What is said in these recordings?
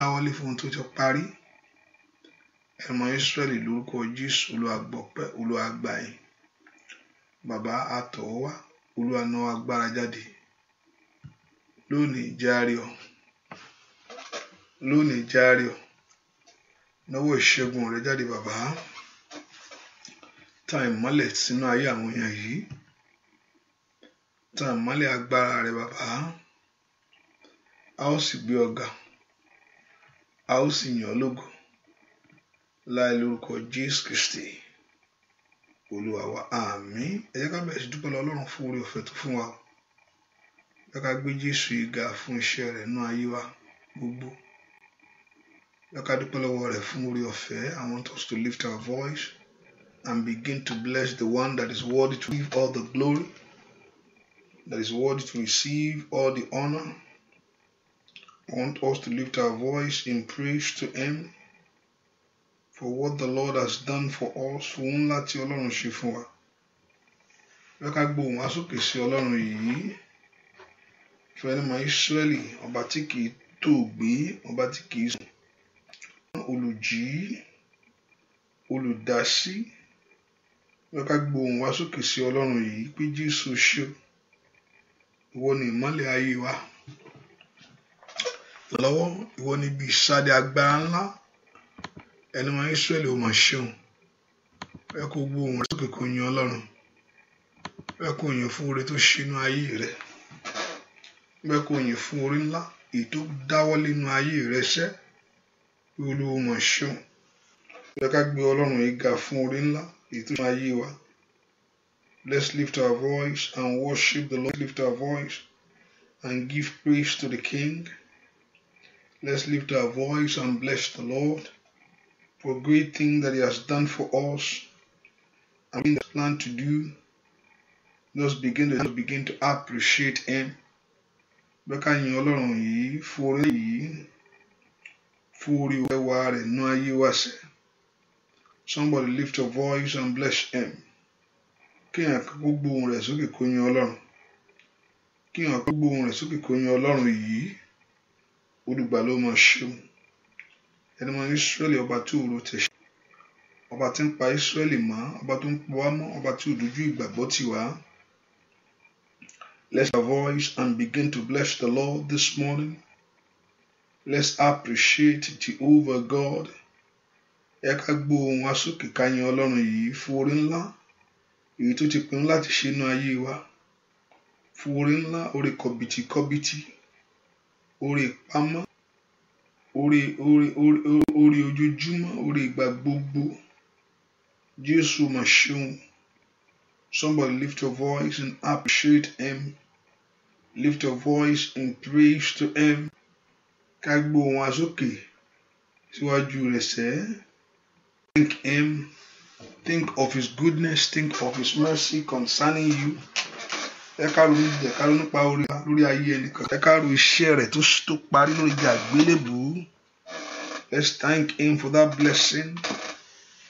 dáwọ́lé fún ohun tó ti parí ẹ̀mọ Ísírẹ́lì lórúkọ Jésù olùwàgbọ́pẹ́ olùwàgbàyìn bàbá àtọ̀wọ́wá olùwànà agbára jáde lónìí járíọ̀ lónìí járíọ̀ náwó ìṣẹ́gun rẹ jáde bàbá ta ìmọ́lẹ̀ sínú ayé àwọn èèyàn yìí ta ìmọ́lẹ̀ agbára rẹ bàbá a ó sì gbé ọ̀gá a ó sì yàn ọ́ lógo láì lórúkọ Jésù Kristi olúwa wa àmín ẹ jẹ́ ká bẹ̀rẹ̀ sí dúpẹ́ lọ ọlọ́run fún oore ọ̀fẹ́ tó fún wa jẹ́ ká gbé Jésù ìga fún iṣẹ́ rẹ̀ nú ayé wa gbogbo jẹ́ ká dúpẹ́ lọ́wọ́ rẹ̀ fún oore ọ̀fẹ́ I want us to lift our voice and begin to bless the one that is worthy to receive all the glory that is worthy to receive all the honor want us to lift our voice in praise to Him for what the Lord has done for us, fún ńlá tí Ọlọ́run ṣe fún wa. Bẹ́ẹ̀ ká gbóhùn wá sókè sí Ọlọ́run yìí. Fẹ́ni máa Ísírẹ́lì, ọba tí kìí tòògbé, ọba tí kìí sùn. Olùjí, olùdásí. Bẹ́ẹ̀ ká gbóhùn wá sókè sí Ọlọ́run yìí pé Jésù ṣe. Ìwọ ni ìmọ́lẹ̀ ayé wa lọ́wọ́ ìwọ ni bí ìsáde agbára ńlá ẹni wọn Ísírẹ́lì ò mà ṣeun ẹ kó gbó ohùn rẹ sókè kó yan Ọlọ́run ẹ kó yìn fún oore tó ṣínú ayé rẹ ẹ kó yìn fún oore ńlá èyí tó dáwọ́ lẹ́nu ayé rẹ ṣẹ́ olówó mà ṣeun ẹ ká gbé Ọlọ́run yìí ga fún oore ńlá èyí tó ṣínú ayé wa let's lift our voice and worship the Lord lift our voice and give praise to the King. Let's lift our voice and bless the Lord for great things that He has done for us I mean, He planned to do. Let's begin to begin to appreciate Him. Bẹ́ẹ̀ka yin Ọlọ́run yìí forí yìí forí Somebody lift your voice and bless Him. Kíyàn gbogbo ohùn rẹ̀ sókè kó yin Ọlọ́run. Kíyàn gbogbo ohùn rẹ̀ sókè kó yin Ọlọ́run yìí olùgbà ló mọ̀ ṣeun ẹni mọ Ísírẹ́lì ọba tí òru tẹ̀ ṣe ọba tí ń pa Ísírẹ́lì mọ́ ọba tó ń pọ̀ wá mọ́ ọba tí òdojú ìgbàgbọ́ ti wá. Let's our voice and begin to bless the Lord this morning. Let's appreciate the over God. Ẹ ká gbó ohùn wa sókè ká yìn Ọlọ́run yìí fún orí ńlá èyí tó ti pinnu láti ṣe inú ayé wa fún orí ńlá orí kọ̀bìtìkọ̀bìtì oore ìpamọ́ oore oore oore oore ojoojúmọ́ oore ìgbà gbogbo Jésù mà ṣeun somebody lift your voice and appreciate him lift your voice and praise to him ká gbó wọn asókè síwájú rẹ̀ sẹ́ thank him think of his goodness think of his mercy concerning you ẹ ká ronú ẹ ká ronú pa orí lórí ayé ẹnìkan ẹ ro iṣẹ́ rẹ̀ tó parí lórí ìjà àgbélébù let's thank him for that blessing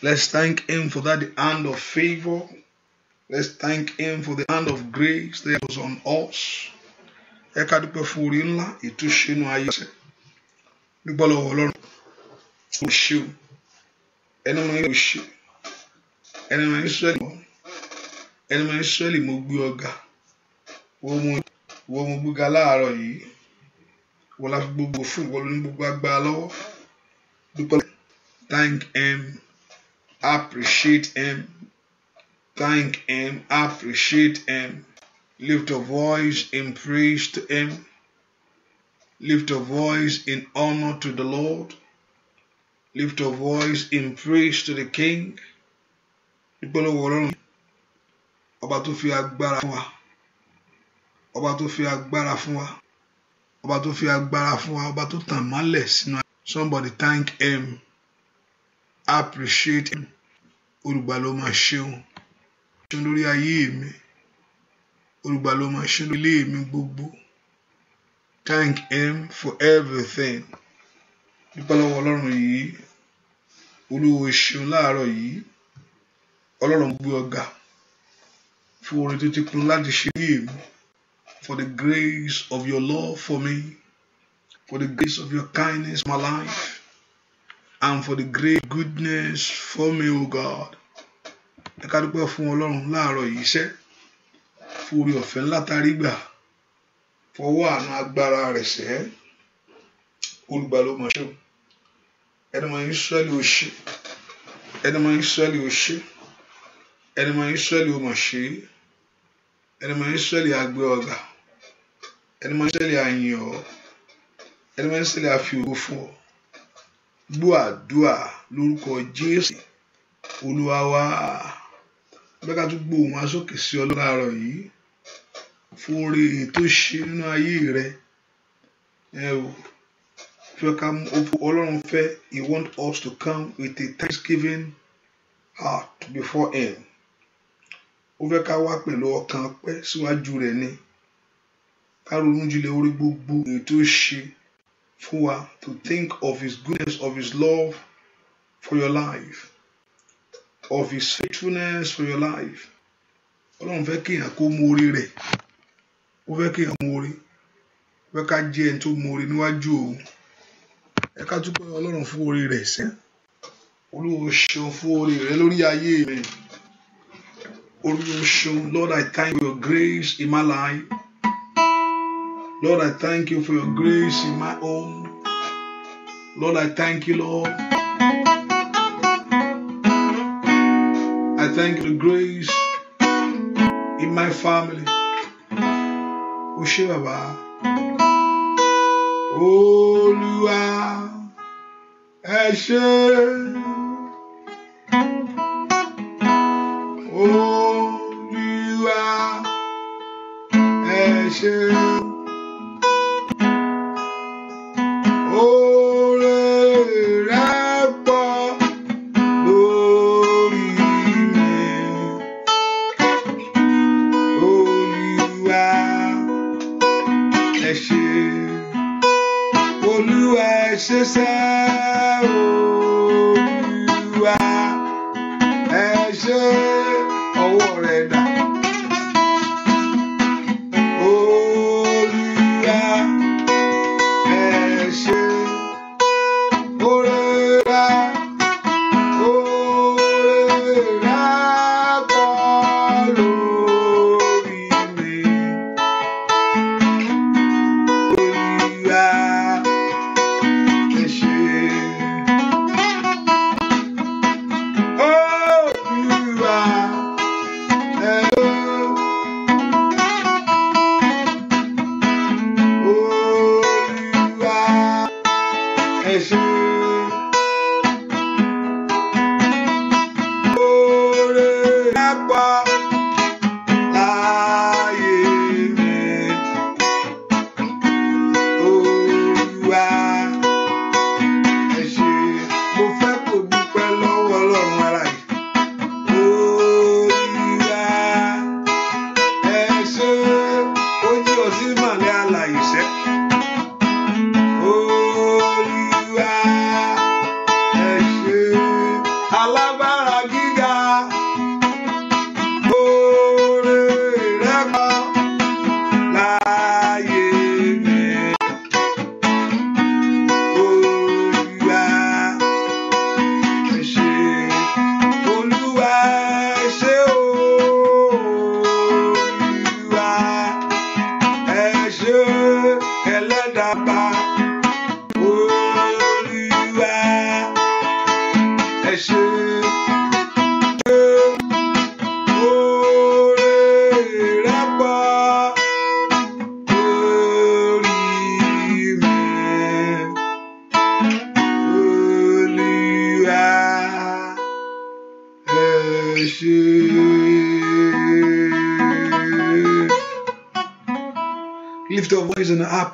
let's thank him for that hand of favour let's thank him for the hand of grace that was on us ẹ ká dúpẹ́ fún orí ńlá ìtúnṣe inú ayé ọ̀sẹ̀ dúpẹ́ lọ́wọ́ ọlọ́run ó ṣe o ẹni mọ yóò ṣe ẹni mọ Ísírẹ́lì mọ ẹni mọ Ísírẹ́lì mo gbé ọ ga wo mu gbéga láàárọ̀ yìí wọ́n la gbogbo fún ìwọ lóní gbogbo agbára lọ́wọ́ dúpẹ́ thank him appreciate him thank him appreciate him lift a voice in praise to him lift a voice in honor to the Lord lift a voice in praise to the King dúpẹ́ lọ́wọ́ ọlọ́run ọba tó fi agbára fún wa ọba tó fi agbára fún wa ọba tó fi agbára fún wa ọba tó tàn mọ́lẹ̀ sínú somebody thank him appreciate him olùgbà ló máa ṣeun ṣeun lórí ayé mi olùgbà ló máa ṣeun lórí ilé mi gbogbo thank him for everything dúpẹ́ lọ́wọ́ ọlọ́run yìí olúwo ṣeun láàárọ̀ yìí ọlọ́run gbé ọ̀gá fún orin tó ti kún láti ṣe ní èmi for the grace of your love for me, for the grace of your kindness my life, and for the great goodness for me, O God. Ẹ ká dúpẹ́ fún Ọlọ́run láàárọ̀ yìí ṣẹ́, fún orí ọ̀fẹ́ ńlá gbà, fọwọ́ àánú agbára rẹ̀ ṣẹ́, olùgbà ló mọ̀ ṣe o. Ẹni mọ̀ Ísírẹ́lì ò ṣe, ẹni mọ̀ Ísírẹ́lì ò ṣe, ẹni mọ̀ Ísírẹ́lì ò mọ̀ ṣe, ẹni mọ̀ Ísírẹ́lì àgbẹ̀ ọ̀gá ẹnumọ́ sẹ́lẹ̀ àyìn ọ́ ẹnumọ́ sẹ́lẹ̀ àfi fún ọ gbọ́ àdúà lórúkọ Jésù Olúwa bẹ́ẹ̀ ká tún gbọ́ ohùn asókè sí ọ láàárọ̀ yìí fún oore tó ṣe nínú ayé rẹ ẹ o fẹ́ ká ọlọ́run fẹ́ he want us to come with a thanksgiving heart before him ó fẹ́ ká wá pẹ̀lú ọkàn pẹ́ síwájú rẹ̀ ni ká ronú jinlẹ̀ orí gbogbo èyí tó ṣe fún wa to think of his goodness of his love for your life of his faithfulness for your life ọlọ́run fẹ́ kí èèyàn kó mú orí rẹ̀ ó fẹ́ kí èèyàn mú orí ó fẹ́ ká jẹ́ ẹni tó mú orí níwájú òun ẹ ká tún pé ọlọ́run fún orí rẹ̀ sẹ́ olúwo ṣeun fún orí rẹ lórí ayé mi olúwo ṣeun Lord I thank you for your grace in my life. Lord, I thank you for your grace in my home. Lord, I thank you, Lord. I thank the grace in my family. Oshibaba. Olúwa ẹ ṣé. Olúwa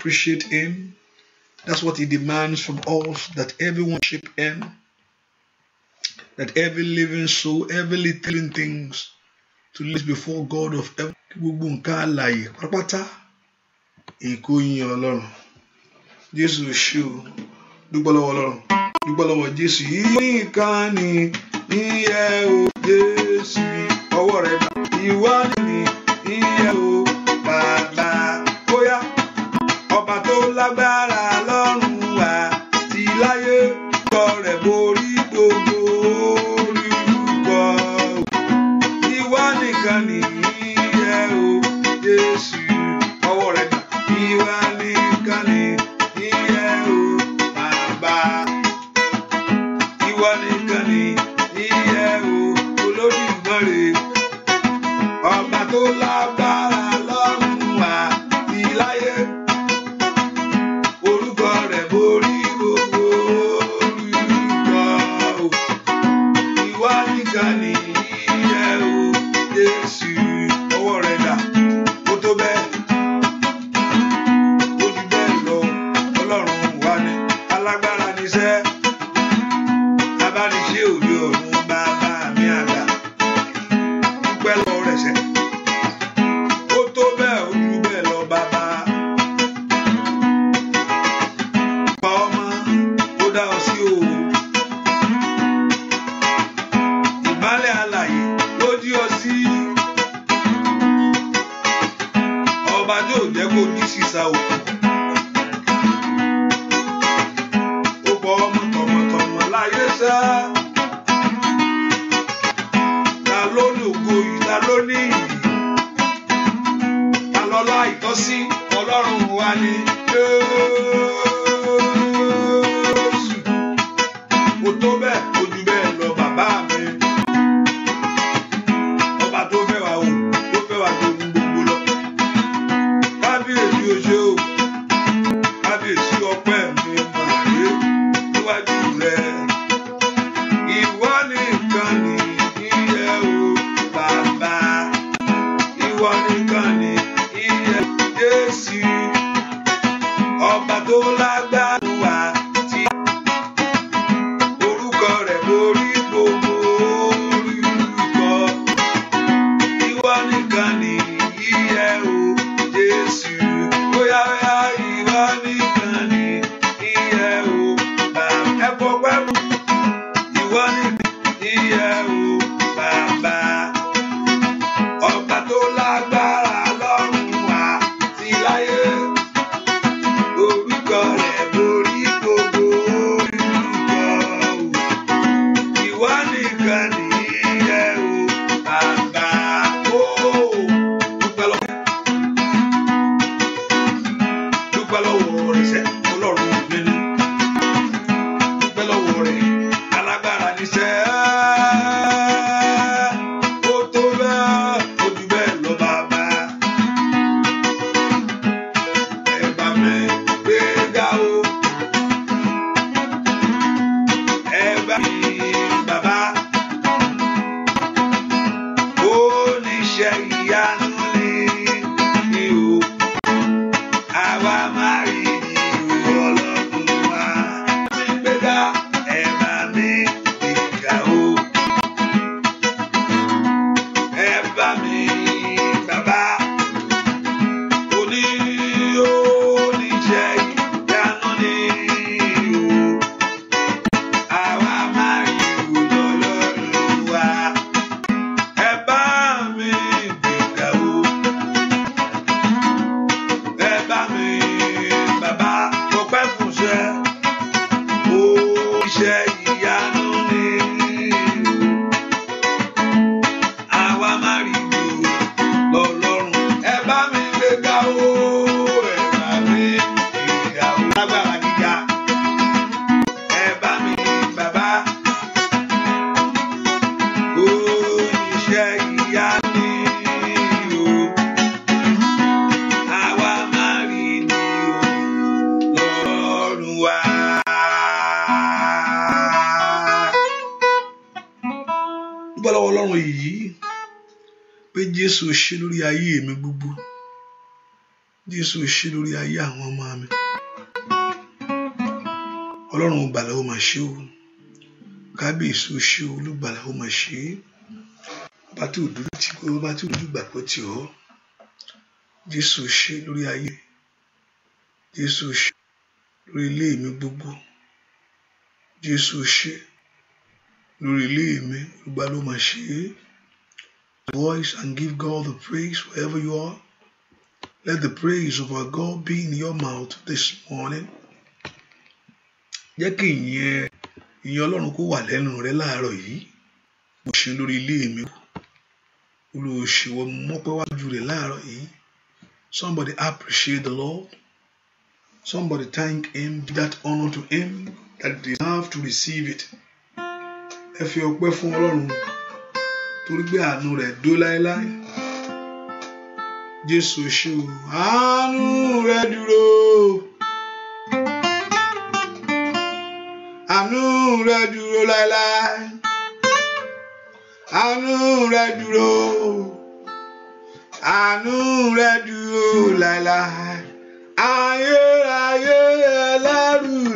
appreciate Him. That's what He demands from us that everyone worship Him, that every living soul, every little things to live before God of heaven. Jésù Jésù. ayé mi gbogbo jésù ṣe lórí ayé àwọn ọmọ mi ọlọ́run gbàlà ó mà ṣe o kábíyèsí ó ṣe o olùgbàlà ó mà ṣe é bá tí òdúró tí kò bá tí òdúró gbàgbọ́ tì ọ́ jésù ṣe lórí ayé jésù ṣe lórí ilé mi gbogbo jésù ṣe lórí ilé mi gbogbo ló mà ṣe é voice and give God the praise wherever you are. Let the praise of our God be in your mouth this morning. Jẹ́ kí ìyẹn ìyẹn Ọlọ́run kó wà lẹ́nu rẹ láàárọ̀ yìí. Mo ṣe lórí ilé mi kù. mọ́pẹ́ wájú rẹ̀ láàárọ̀ yìí. Somebody appreciate the Lord. Somebody thank him, give that honor to him that deserve to receive it. Ẹ fi ọpẹ́ fún Ọlọ́run torí pé àánú rẹ̀ dó láéláé Jésù ṣe o àánú rẹ̀ dúró àánú rẹ̀ dúró láéláé àánú rẹ̀ dúró àánú rẹ̀ dúró láéláé ayérayé ẹlẹ́rù.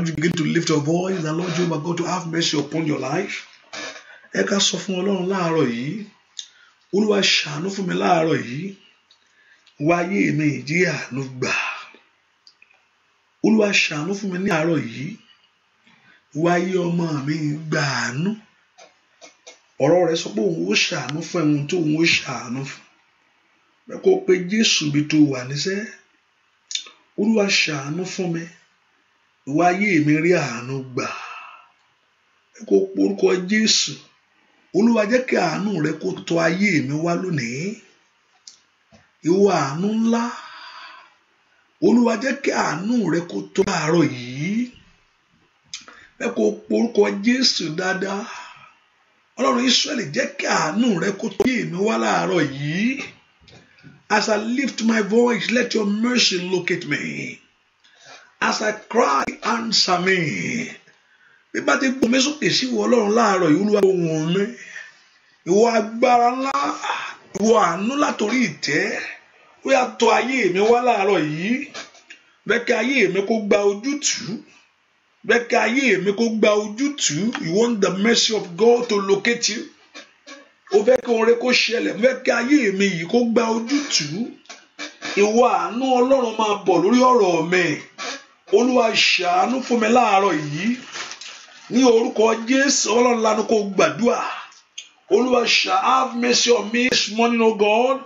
want you begin to lift your voice and Lord Jehovah God to have mercy upon your life ẹ ká sọ fún Ọlọ́run láàárọ̀ yìí Olúwa ṣàánú fún mi láàárọ̀ yìí wáyé mi ìjìyà ló gbà Olúwa ṣàánú fún mi ní àárọ̀ yìí wáyé ọmọ mi gbàánú ọ̀rọ̀ rẹ̀ sọ pé òun ó ṣàánú fún ẹ̀hún tó òun ó ṣàánú fún kó pe Jésù bí tó wà níṣẹ́ Olúwa ṣàánú fún mi ìwà mi rí àánú gbà ẹ kò porúkọ Jésù Olúwa jẹ́ kí àánú rẹ kó tọ ayé mi wá lónìí ìwọ àánú ńlá Olúwa jẹ́ kí àánú rẹ kó tọ àárọ̀ yìí ẹ kò porúkọ Jésù dáadáa Ọlọ́run Ísírẹ́lì jẹ́ kí àánú rẹ kó tọ ayé mi wá láàárọ̀ yìí as I lift my voice let your mercy locate me as I cry answer me bí bá ti gbọ́ mi sókè sí ìwọ ọlọ́run láàárọ̀ yìí olúwa ohùn mi ìwọ agbára ńlá ìwọ àánú látòrí ìtẹ́ ó yá tọ̀ ayé mi wá láàárọ̀ yìí bẹ́ẹ̀ kí ayé mi kó gba ojútùú bẹ́ẹ̀ kí ayé mi kó gba ojútùú you want the mercy of God to locate you o fẹ́ kí oore kó ṣẹlẹ̀ mo fẹ́ kí ayé mi yìí kó gba ojútùú ìwọ àánú ọlọ́run máa bọ̀ lórí ọ̀rọ̀ mi olúwa ṣàánú fún mi láàárọ̀ yìí ní orúkọ jésù ọlọ́run lanu kò gbàdúrà olúwa ṣá have mercy on me this morning o god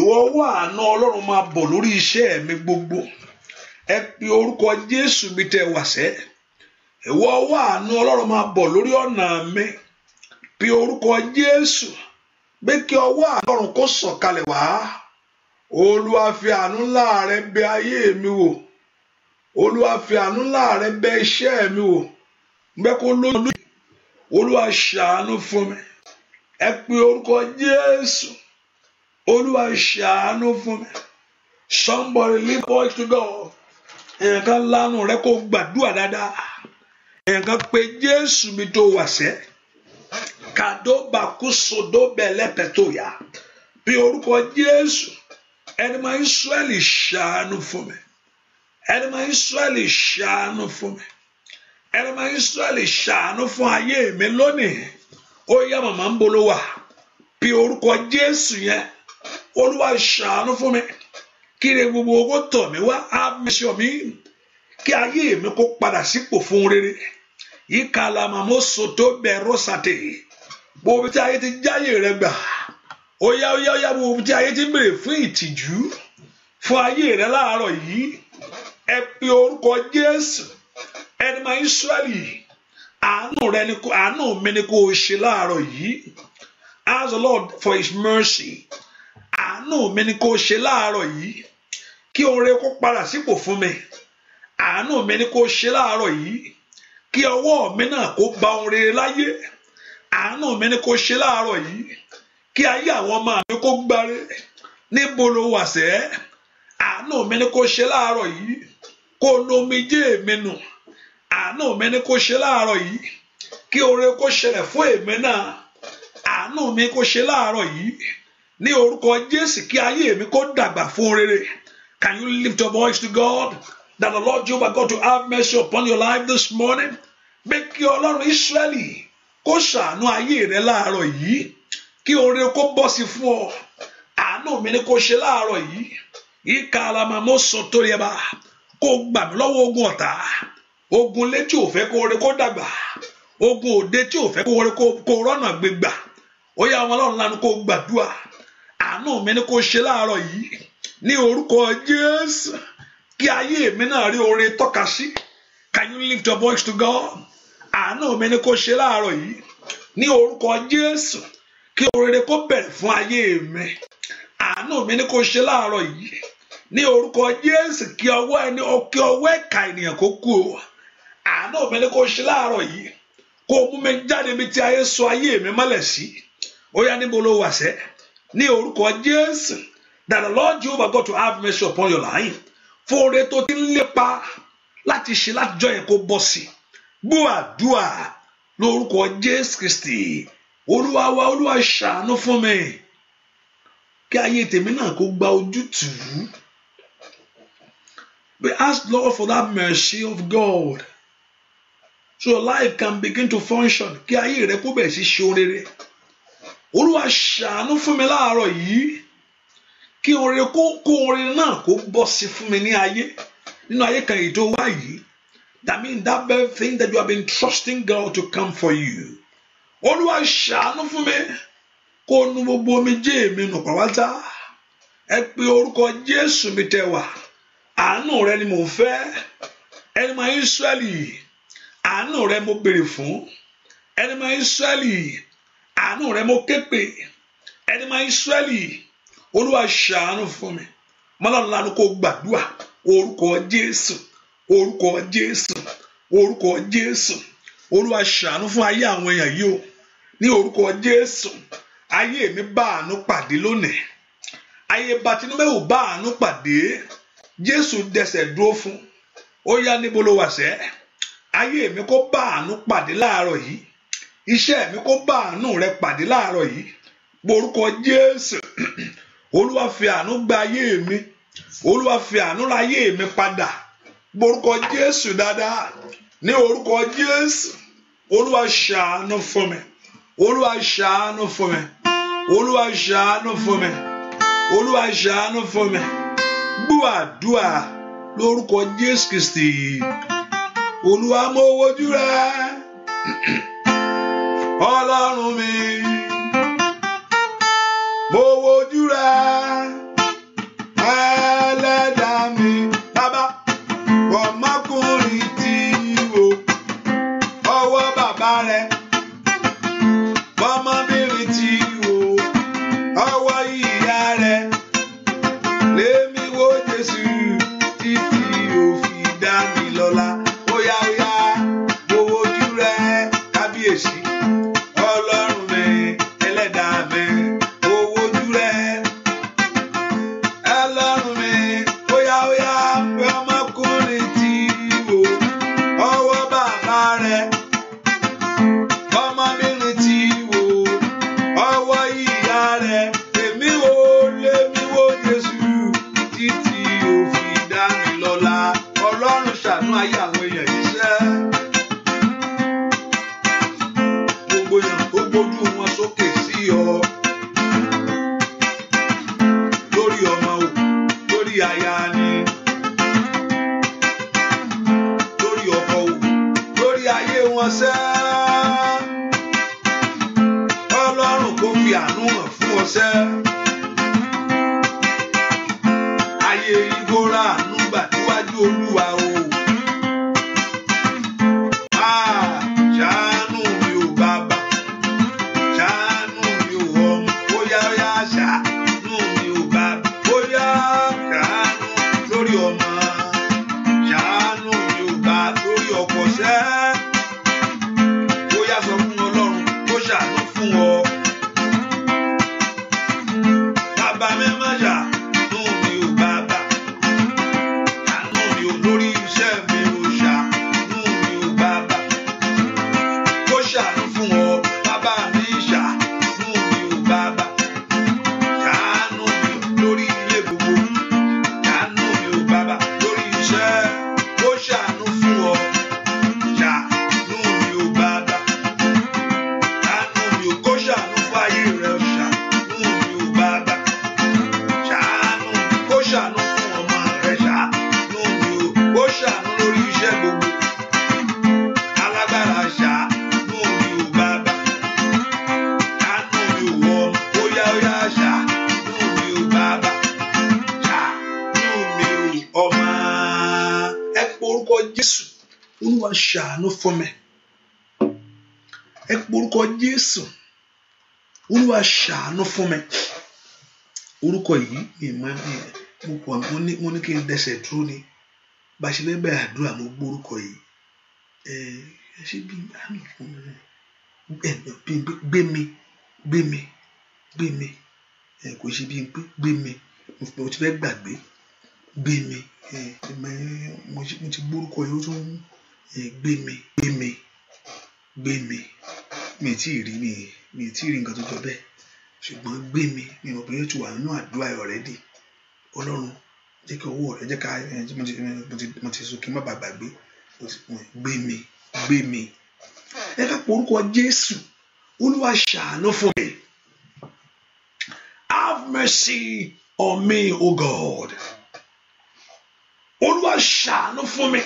ìwọ wà àná ọlọ́run máa bọ̀ lórí iṣẹ́ mi gbogbo ẹ pe orúkọ jésù mi tẹ wàṣẹ ìwọ wà àná ọlọ́run máa bọ̀ lórí ọ̀nà mi pe orúkọ jésù pé kí ọwọ́ àlọ́run kó sọ̀kalẹ̀ wá olúwa fi àánú ńlá rẹ ayé mi wò olúwa fi àánú ńlá rẹ bẹ iṣẹ́ mi wò gbẹ́ kó lóyún olúwa ṣàánú fún mi ẹ pe orúkọ jésù olúwa fún mi somebody lift voice to God èèyàn kan lánàá rẹ kó gbàdúrà dáadáa èèyàn kan pe jésù mi tó wà sẹ́ kàdó bàkúsòdó bẹ̀lẹ́ pẹ̀tọ́yà bí orúkọ jésù ẹni máa ń sọ ẹ̀ ṣàánú fún mi ẹnìmọ̀ Ísírẹ́lì ṣàánú fún mi ẹnìmọ̀ Ísírẹ́lì ṣàánú fún ayé mi lónìí ó yá màmá ń bolo wà bí orúkọ Jésù yẹn Olúwa ṣàánú fún mi kí ni gbogbo owó tọ̀ mí wá amẹ́sọ̀ mi kí ayé mi kó padà sípò fún rere yíká lamàmó soto bẹ̀rù sàtè gbogbo tí ayé ti jáyè rẹ gbà ó yá ó yá ó yá gbogbo tí ayé ti bèrè fún ìtìjú fún ayé rẹ láàárọ̀ yìí. ẹ pe orúkọ Jésù ẹni máa Ísírẹ́lì àánú rẹ ni kò àánú mi ni kò ṣe láàárọ̀ yìí as the Lord for his mercy àánú mi ṣe láàárọ̀ yìí kí oore kó padà sípò fún mi àánú mi ni kò ṣe láàárọ̀ yìí kí ọwọ́ mi náà kó ba oore láyé àánú mi ṣe láàárọ̀ ayé àwọn ọmọ mi kó gbáre níbo ló wà yìí kó lomijé mi nù àánú mi ni kó ṣe láàárọ̀ yìí kí oore kó ṣẹlẹ̀ fún èmi náà àánú mi kó ṣe láàárọ̀ yìí ní orúkọ Jésù kí ayé mi kó dàgbà fún rere can you lift your voice to God that the Lord Jehovah God to have mercy upon your life this morning pé kí Ọlọ́run Ísírẹ́lì kó ṣàánú ayé rẹ láàárọ̀ yìí kí oore kó bọ́ sí fún ọ àánú mi ni kó ṣe láàárọ̀ yìí ìka alamamo sọ tó yẹ bá kó gbà mí lọ́wọ́ ogun ọ̀tá ogun ilé tí ò fẹ́ kó rẹ kó dàgbà ogun òde tí ò fẹ́ kó rẹ kó rọ́nà gbégbà ó yá àwọn ọlọ́run lánàá kó gbàdúrà àánú mi ni kó ṣe láàárọ̀ yìí ní orúkọ Jésù kí ayé mi náà rí oore tọ́ka sí can you lift your voice to God àánú mi ni kó ṣe láàárọ̀ yìí ní orúkọ Jésù kí oore kó bẹ̀rẹ̀ fún ayé mi àánú mi ni kó ṣe láàárọ̀ yìí ní orúkọ Jésù kí ọwọ́ ẹni kí ọwọ́ ẹ̀ka ènìyàn kó kú o àánú mi ni kò ṣe láàárọ̀ yìí kó mú mi jáde mi tí ayé sọ ayé mi mọ́lẹ̀ sí ó yá níbo ló wà sẹ́ ní orúkọ Jésù that the Lord Jehovah God to have mercy upon your life fún oore tó ti ń lépa láti ṣe látijọ́ yẹn kó bọ́ sí gbọ́ àdúà lórúkọ Jésù Kristi olúwa wa olúwa ṣàánú fún mi kí ayé tèmi náà kó gba ojútùú. We ask, Lord, for that mercy of God. So your life can begin to function. Kí ayé rẹ kó bẹ̀rẹ̀ sí ṣe orere. Olúwa ṣàánú fún mi láàárọ̀ yìí. Kí orere kó kó orere náà kó bọ́ sí fún mi ní ayé. Nínú ayé kan èyí tó wá yìí. That means that very thing that you have been trusting God to come for you. Olúwa ṣàánú fún mi. Kó nu gbogbo omijé mi nù pàwátá. Ẹ pe orúkọ Jésù mi wá. àánú rẹ ni mò ń fẹ́ ẹni mọ Ísírẹ́lì àánú rẹ mo béèrè fún ẹni mọ Ísírẹ́lì àánú rẹ mo képe ẹni mọ Ísírẹ́lì olúwa ṣàánú fún mi mọ́lọ́run lánàá kó gbàdúrà orúkọ Jésù orúkọ Jésù orúkọ Jésù olúwa ṣàánú fún ayé àwọn èèyàn yìí o ní orúkọ Jésù ayé mi bá àánú pàdé lónìí ayé bàtínúmẹ́wò bá àánú pàdé jésù dẹsẹ̀ dúró fún ó yá níbo ló wà sẹ́ ayé mi kó bá àánú pàdé láàárọ̀ yìí iṣẹ́ mi kó bá àánú rẹ pàdé láàárọ̀ yìí gborúkọ jésù olúwa fi àánú gba ayé mi olúwa fi àánú ra ayé mi padà gborúkọ jésù dáadáa ní orúkọ jésù olúwa ṣàánú fún mi olúwa ṣàánú fún mi olúwa ṣàánú fún mi olúwa ṣàánú fún mi gbọ́ àdúà lórúkọ Jésù Kristi Olúwa mo wojú rẹ Ọlọ́run mi mo wojú rẹ. mo ní kí n dẹsẹ̀ dúró ni bá a ṣe fẹ́ bẹ̀rẹ̀ àdúrà mo gbórúkọ yìí ẹ ẹ ṣe bí àmì fún mi ẹ gbé mi gbé mi gbé mi ẹ kò ṣe bí pé gbé mi mo ti fẹ́ gbàgbé gbé mi ẹ mo ti gbórúkọ yìí ó tún ẹ gbé mi gbé mi gbé mi mi ì tí ì rí mi mi tí ì rí nǹkan tó jọ bẹ́ẹ̀ ṣùgbọ́n gbé mi mi mọ̀ pé yóò ti wà nínú àdúrà already ọlọ́run jẹ́ kí ọwọ́ rẹ jẹ́ ká mo ti sọ kí n má bàa gbàgbé gbé mi gbé mi ẹ ká pọ orúkọ Jésù olúwa ṣàánú fún mi have mercy on me o God olúwa ṣàánú fún mi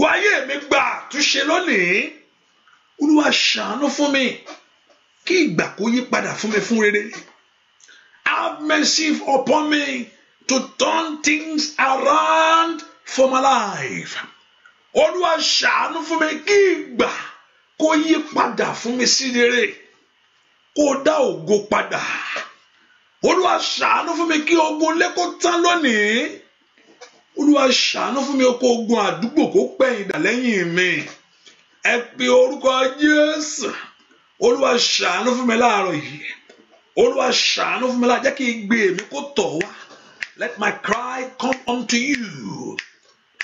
wáyé mi gbà túnṣe lónìí olúwa ṣàánú fún mi kí ìgbà kó yí padà fún mi fún rere have mercy upon me to turn things around for my life olúwa ṣàánú fún mi kí ìgbà kó yí padà fún mi sí rere kó dá ògo padà olúwa ṣàánú fún mi kí ogun lẹ́kọ̀ọ́ tán lónìí olúwa ṣàánú fún mi kó ogun àdúgbò kó pẹ̀yìn dà lẹ́yìn mi ẹ pe orúkọ Jésù. Yes olúwa ṣàánú fún mi láàárọ̀ yìí olúwa ṣàánú fún mi láàárọ̀ jẹ́ kí igbe mi kó tọ̀ wá let my cry come unto you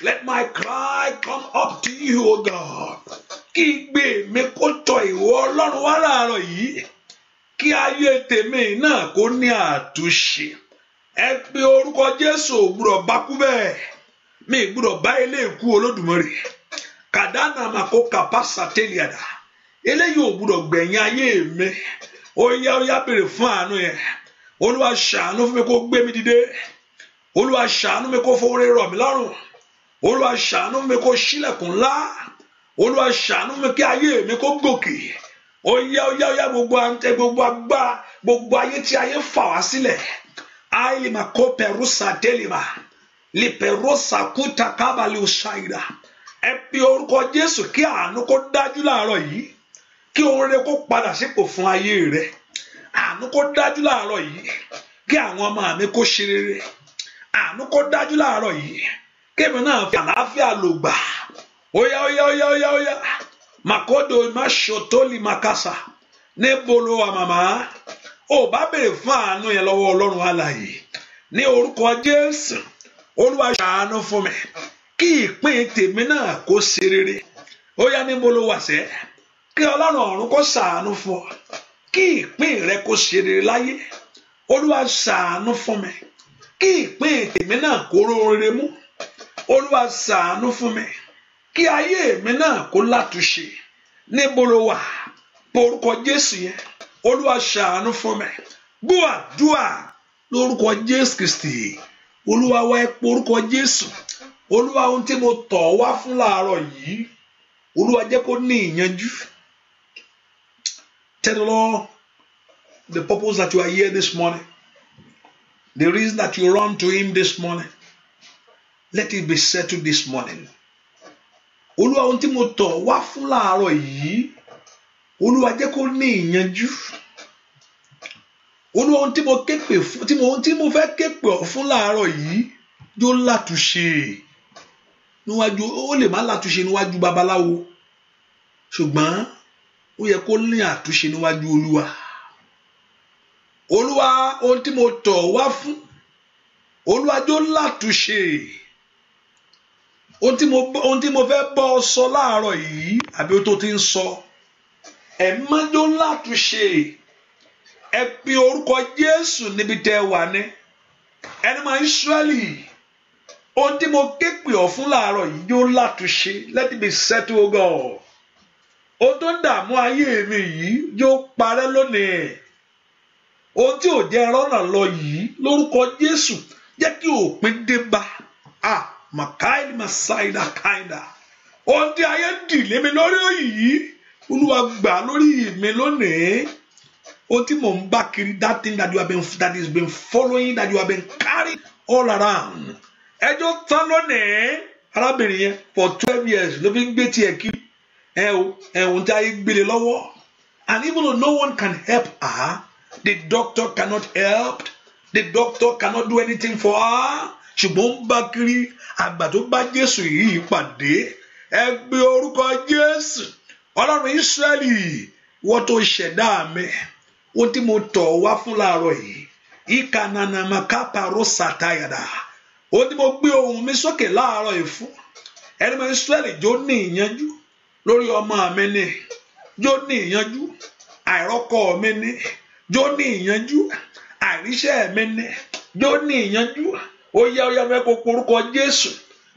let my cry come up to you o God kí igbe mi kó tọ̀ ìwọ ọlọ́run wá láàárọ̀ yìí kí ayé tèmi náà kó ní àtúnṣe ẹ pe orúkọ Jésù ògbúrọ̀ bákú bẹ́ẹ̀ mi ìgbúrọ̀ bá ilé ìkú Olódùmarè kàdánà màkó kàpá sátẹ́lì àdá eléyìí ò gbúdọ̀ gbẹ̀yìn ayé mi ó yá ó yá béèrè fún àánú yẹn olúwa ṣàánú fún mi kó gbé mi dìde olúwa ṣàánú mi kó fowó rọ̀ mí lọ́rùn olúwa ṣàánú mi kó ṣílẹ̀kùn ńlá olúwa ṣàánú mi kí ayé mi kó gòkè ó yá ó yá ó yá gbogbo àǹtẹ gbogbo agbára gbogbo ayé tí ayé fà wá sílẹ̀ àìlèmà kó pẹ̀rúsà délèmà lè pẹ̀rúsà kábàlì òṣàìdà ẹ pe orúkọ jésù kí àánú kó dájú láàárọ̀ yìí kí ohun rere kó padà sípò fún ayé rẹ àánú kó dájú láàárọ̀ yìí kí àwọn ọmọ mi kó ṣe rere àánú kó dájú láàárọ̀ yìí kémi náà fi àlàáfíà lò gbà óyá óyá óyá óyá óyá màkódò má ṣòtó lè má kásà níbo ló wà màmá ò bá béèrè fún àánú yẹn lọ́wọ́ Ọlọ́run alààyè ní orúkọ Jésù Olúwa ṣàánú fún mi kí ìpín tèmi náà kó ṣe rere óyá níbo ló wà kí ọlọ́run ọ̀run kó ṣàánú fún ọ kí ìpín rẹ kó ṣe rere láyé olúwa ṣàánú fún mi kí ìpín tèmi náà kó rere mú olúwa ṣàánú fún mi kí ayé mi náà kó látúnṣe níbo lo wà orúkọ jésù yẹn olúwa ṣàánú fún mi gbọ́ àdúà lórúkọ jésù kristi olúwa wá ẹ porúkọ jésù olúwa ohun tí mo tọ̀ wá fún làárọ̀ yìí olúwa jẹ́ kó ní ìyanjú Tell the Lord the purpose that you are here this morning, the reason that you run to Him this morning. Let it be settled this morning. Olúwa ohun tí mo tọ̀ wá fún làárọ̀ yìí, Olúwa jẹ́ kó ní ìyanjú. Olúwa ohun tí mo képe tí mo ohun tí mo fẹ́ képe ọ̀ fún làárọ̀ yìí yóò látúnṣe níwájú ó lè má látúnṣe níwájú babaláwo ṣùgbọ́n ó yẹ kó ní àtúnṣe níwájú olúwa olúwa ohun tí mo tọ̀ wá fún olúwa jó látúnṣe ohun tí mo fẹ́ bọ́ ọ sọ láàárọ̀ yìí àbí ohun tó ti ń sọ ẹ má látúnṣe ẹ pe orúkọ jésù níbi tẹ́ ẹ wà ní ẹni máa Ísírẹ́lì ohun tí mo ké pè fún láàárọ̀ yìí jó látúnṣe let me be settled God. o tó ń dààmú ayé mi yìí yóò parẹ́ lónìí ohun tí ò jẹ́ rọnà lọ yìí lórúkọ Jésù jẹ́ kí òpin dé bá a makaeli masaida kaida ohun tí ayé dì lé lórí yìí olúwa gbà lórí mi lónìí ohun tí mò ń bá kiri that thing that you have been that is been following all around ẹjọ́ tán lónìí arábìnrin yẹn for twelve years ló fi ń gbé tiẹ̀ ẹ̀hún eh, eh, tí ayé gbélé lọ́wọ́ and even though no one can help her the doctor cannot help the doctor cannot do anything for her ṣùgbọ́n ń kiri àgbà tó bá Jésù yìí pàdé ẹ gbé orúkọ Jésù Ọlọ́run Ísírẹ́lì wọ́n tó ṣẹ̀dá mi ohun tí mo tọ̀ wá fún láàárọ̀ yìí ìka nanama kápá rosa tayada ohun tí mo gbé ohun mi sókè láàárọ̀ yìí fún ẹni mọ Ísírẹ́lì jó ní ìyanjú lórí ọmọ mi ni jó ní ìyanjú àìrọ́kọ mi ni jó ní ìyanjú àìríṣẹ́ mi ni jó ní ìyanjú ó yá ó yá fẹ́ kó porúkọ Jésù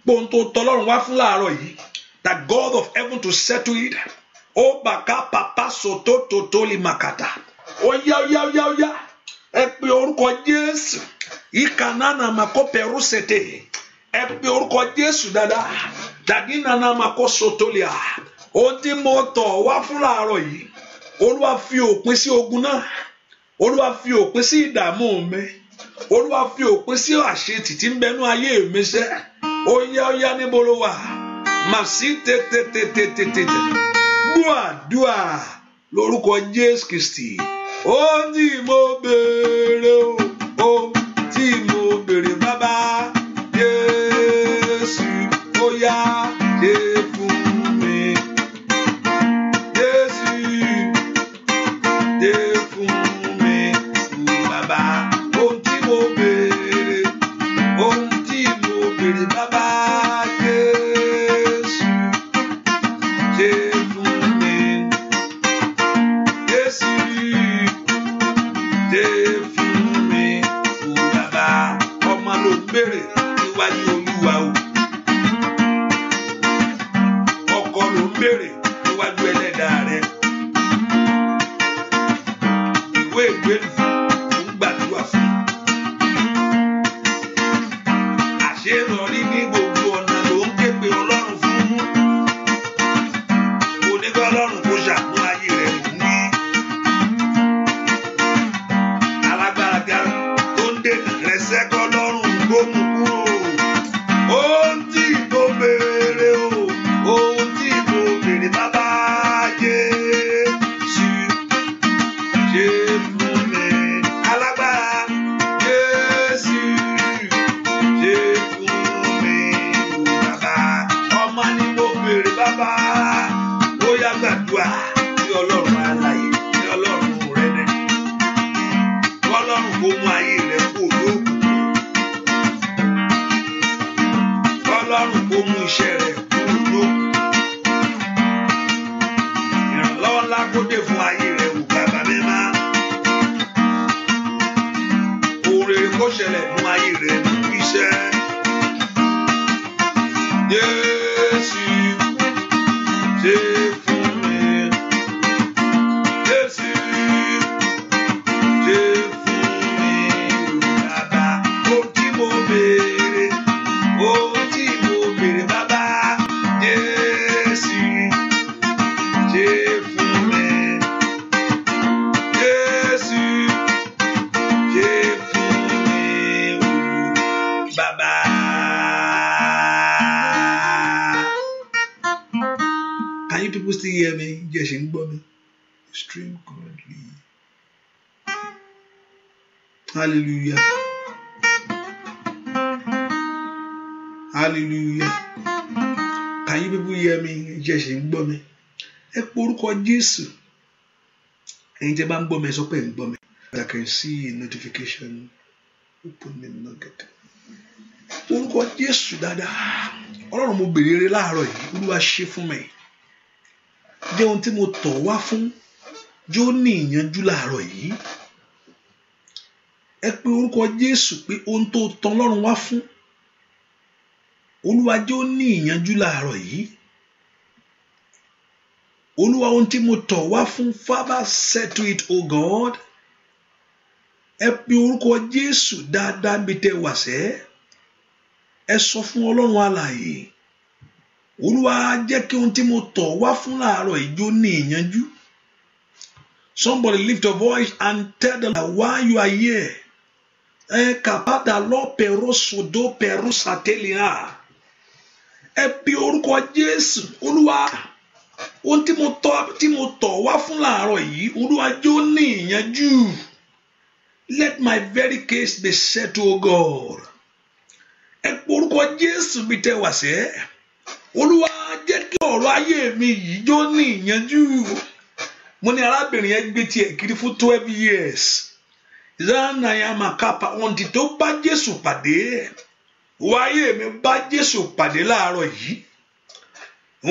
pohun tó tọlọ́run wá fún láàárọ̀ yìí that God of heaven to settle it ó bàká pàpà sòtó tòtó lè màkàtà ó yá ó yá ó yá ó yá ẹ pe orúkọ Jésù ìkànnà màkó pẹ̀rú sète ẹ pe orúkọ Jésù dáadáa dàdí nànà màkó sòtó lè à. ohun tí mo tọ̀ wá fún làárọ̀ yìí olúwa fi òpin sí ogun náà olúwa fi òpin sí ìdààmú mi olúwa fi òpin sí si tí ń bẹnu ayé mi ṣe ó yá ó yá níbo ló wà mà sí tètètètètètè gbọ́ àdúrà lórúkọ Jésù Kristi ó ní mo béèrè o. o tí mo béèrè bàbá Jésù ó yá. Hallelujah. Hallelujah. Can you people hear me? Ǹjẹ́ ṣe ń gbọ́ mi? Ẹ pe orúkọ Jésù. Ẹ̀yin tẹ́ bá ń gbọ́ mi, sọ pé ẹ ń gbọ́ mi. I can see a notification. Open me nugget. Orúkọ Jésù dáadáa. Ọlọ́run mo béèrè eré láàárọ̀ yìí. Olúwa ṣe fún mi. Jẹ́ ohun tí mo tọ̀ wá fún. Jó ìyanjú láàárọ̀ yìí ẹ pe orúkọ Jésù pé ohun tó tan Ọlọ́run wá fún Olúwa jẹ́ ó ní ìyanjú láàárọ̀ yìí Olúwa ohun tí mo tọ̀ wá fún Father settle it o God ẹ pe orúkọ Jésù dáadáa bí tẹ wà sẹ́ ẹ sọ fún Ọlọ́run alààyè Olúwa jẹ́ kí ohun tí mo tọ̀ wá fún láàárọ̀ yìí jó ní ìyanjú. Somebody lift your voice and tell them why you are here kapada lọ pẹ̀rọ sòdó pẹ̀rọ sàtẹ́lìá ẹ pe orúkọ jésù olúwa ohun tí mo tọ́ tí mo tọ̀ wá fún làárọ̀ yìí olúwa jó ní ìyànjú let my very case be settled o God ẹ pe orúkọ jésù bí tẹ wá sẹ́ olúwa jẹ́ kí ọ̀rọ̀ ayé mi yìí jó ní ìyànjú mo ní arábìnrin yẹn gbé tiẹ̀ kiri fún twelve years zanayama kapa ọ̀ǹdì tó bá Jésù pàdé wáyé mi bá Jésù pàdé láàárọ̀ yìí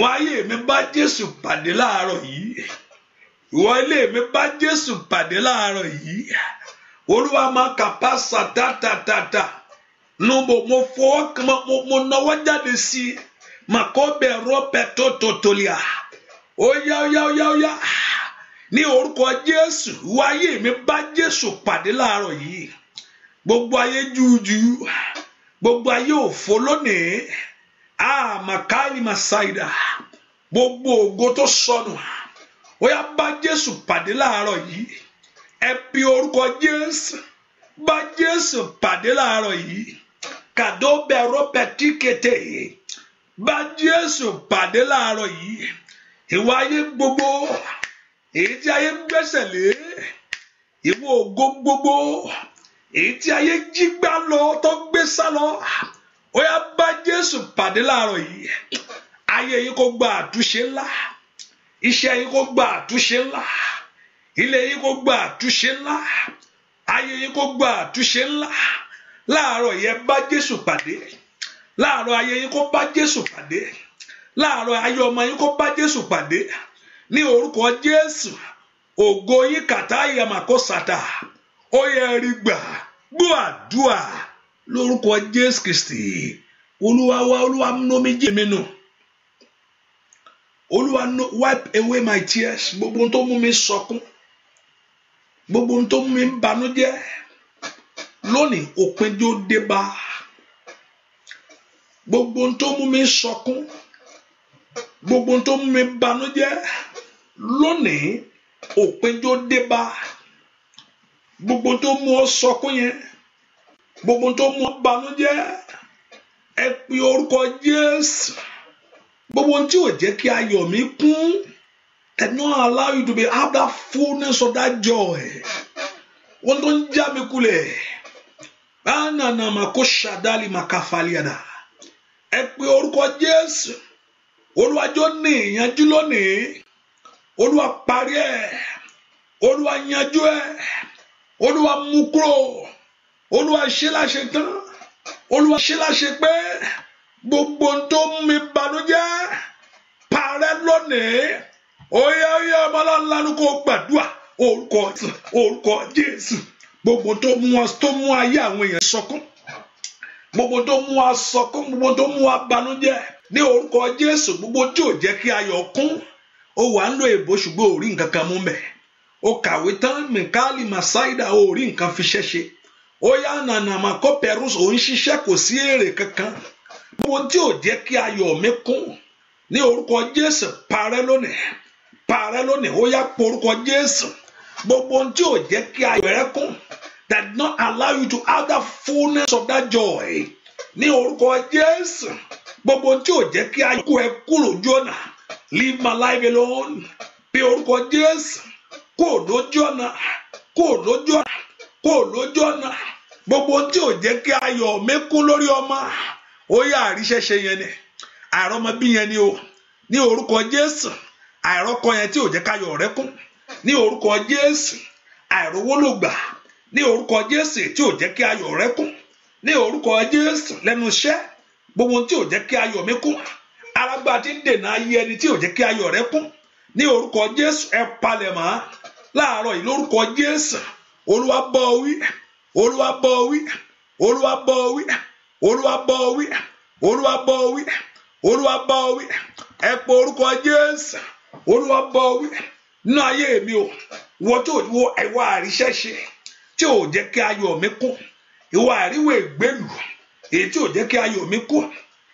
wáyé mi bá Jésù pàdé láàárọ̀ yìí ìwọ ilé mi bá Jésù pàdé láàárọ̀ yìí olúwa máa kàpá sàtàtàtàtà nubo mo fọwọ́ kan mo mo nawọ́ jáde sí i màkọ́ bẹ̀ rọ́pẹ̀ tó tòtòlìà ó yá ó yá ó yá ó ní orúkọ jésù wáyé mi bá jésù pàdé láàárọ̀ yìí gbogbo ayé jújú gbogbo ayé òfo lónìí àmàkáyì màsáìdà gbogbo ògo tó sọnù ó yá bá jésù pàdé láàárọ̀ yìí ẹ pe orúkọ jésù bá jésù pàdé láàárọ̀ yìí kàdó bẹ̀rọ pẹ̀tíkètè bá jésù pàdé láàárọ̀ yìí ìwáyé gbogbo èyí tí ayé ń gbẹ́sẹ̀ lé ìwọ ògo gbogbo èyí tí ayé jí gbá lọ tó gbé sá lọ ó yá bá Jésù pàdé láàárọ̀ yìí ayé yìí kò gba àtúnṣe ńlá iṣẹ́ yìí kò gba àtúnṣe ńlá ilé yìí kò gba àtúnṣe ńlá ayé yìí kò gba àtúnṣe ńlá láàárọ̀ yẹ bá Jésù pàdé láàárọ̀ ayé yìí kò bá Jésù pàdé láàárọ̀ ayé ọmọ yìí kò bá Jésù pàdé ní orúkọ Jésù ògo yín kàtá ìyàmàkó sàtà ó yẹ rí gbà gbọ́ àdúà lórúkọ Jésù Kristi olúwa wá olúwa nómi jẹ́ mi olúwa no wipe away my tears gbogbo ohun tó mú mi sọkún gbogbo ohun tó mú mi banújẹ́ lónìí òpin jó dé gbogbo tó mú mi sọkún gbogbo tó mú mi banújẹ́ lónìí òpinjó dé bá gbogbo tó mú ọ sọkún yẹn gbogbo tó mú ọ banújẹ́ ẹ pe orúkọ Jésù gbogbo tí ò jẹ́ kí ayọ̀ mi kún and not allow you to be have that fullness of that joy wọ́n tó ń já mi kulẹ̀ báńànà màkó ṣàdálì màkà fàlíàdà ẹ pe orúkọ Jésù olùwàjọ ní ìyànjú lónìí olúwa parí ẹ̀ olúwa yanjú ẹ̀ olúwa mú kúrò olúwa ṣe láṣẹ tán olúwa ṣe láṣẹ pé gbogbo ń tó mú mi banújẹ́ parẹ́ lónìí oyè oyè ọmọláńlanu kò gbàdúrà orúkọ orúkọ jésù gbogbo tó mú wa tó mú ayé àwọn èèyàn sọkún gbogbo tó mú wa sọkún gbogbo tó mú wa banújẹ́ ní orúkọ jésù gbogbo tí ò jẹ́ kí ayọ̀ kún ó wà ń lo èbó ṣùgbọ́n ò rí nǹkan kan mú mẹ́ ó kàwé tán mikali masaida ò rí nǹkan fi ṣẹ́ṣe ó yá nànàmà kó perus ò ń ṣiṣẹ́ kò sí èrè kankan gbogbo tí ò jẹ́ kí ayọ̀ mi kún ní orúkọ Jésù parẹ́ lónìí parẹ́ lónìí ó yá po orúkọ Jésù gbogbo tí ò jẹ́ kí ayọ̀ rẹ kún that not allow you to have that fullness of that joy ní orúkọ Jésù gbogbo tí ò jẹ́ kí ayọ̀ kú ẹ kúrò jọ́nà. leave my life alone bí orúkọ jésù kò lójú ọ̀nà kò lójú ọ̀nà kò lójú ọ̀nà gbogbo tí ò jẹ́ kí ayọ̀ mi lórí ọmọ ó yà àríṣẹ́ṣe yẹn ni àìrọ́mọbí yẹn ni o ní orúkọ jésù àìrọ́kọ yẹn tí ò jẹ́ káyọ̀ rẹ ní orúkọ jésù àìrówólògbà ní orúkọ jésù tí ò jẹ́ kí ayọ̀ rẹ ní orúkọ jésù lẹ́nu iṣẹ́ gbogbo tí ò jẹ́ kí ayọ̀ mi arágbá tí ń dènà ayé ẹni tí ò jẹ́ kí ayọ̀ rẹ kún ní orúkọ jésù ẹ palẹ̀mọ́ láàárọ̀ yìí lórúkọ jésù olúwa bọ́ ọ wí olúwa bọ́ ọ wí olúwa bọ́ ọ ẹ pọ orúkọ jésù olúwa nínú ayé mi o wọ́n tó wo ẹ̀wọ́ àríṣẹ́ tí ò jẹ́ kí ayọ̀ mi kún ìwọ àríwọ̀ ègbèlú èyí tí ò jẹ́ kí ayọ̀ mi kún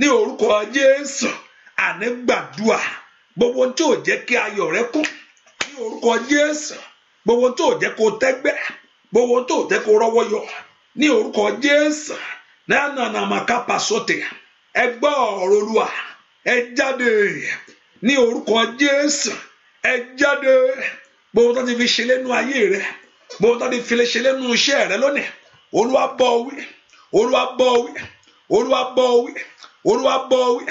ní orúkọ Jésù àní gbogbo tí ò jẹ́ kí ayọ̀ rẹ kún ní orúkọ Jésù gbogbo tí ò jẹ́ kó gbogbo tí ò jẹ́ kó yọ ní orúkọ Jésù nánà màkàpà sóte ẹ gbọ́ ọ̀rọ̀ Olúwa ẹ jáde ní orúkọ Jésù ẹ jáde gbogbo tó ti fi ṣe lẹ́nu ayé rẹ gbogbo tó ti fi ṣe lẹ́nu iṣẹ́ rẹ lónìí Olúwa bọ̀ wí Olúwa bọ̀ olúwa bọ́ wí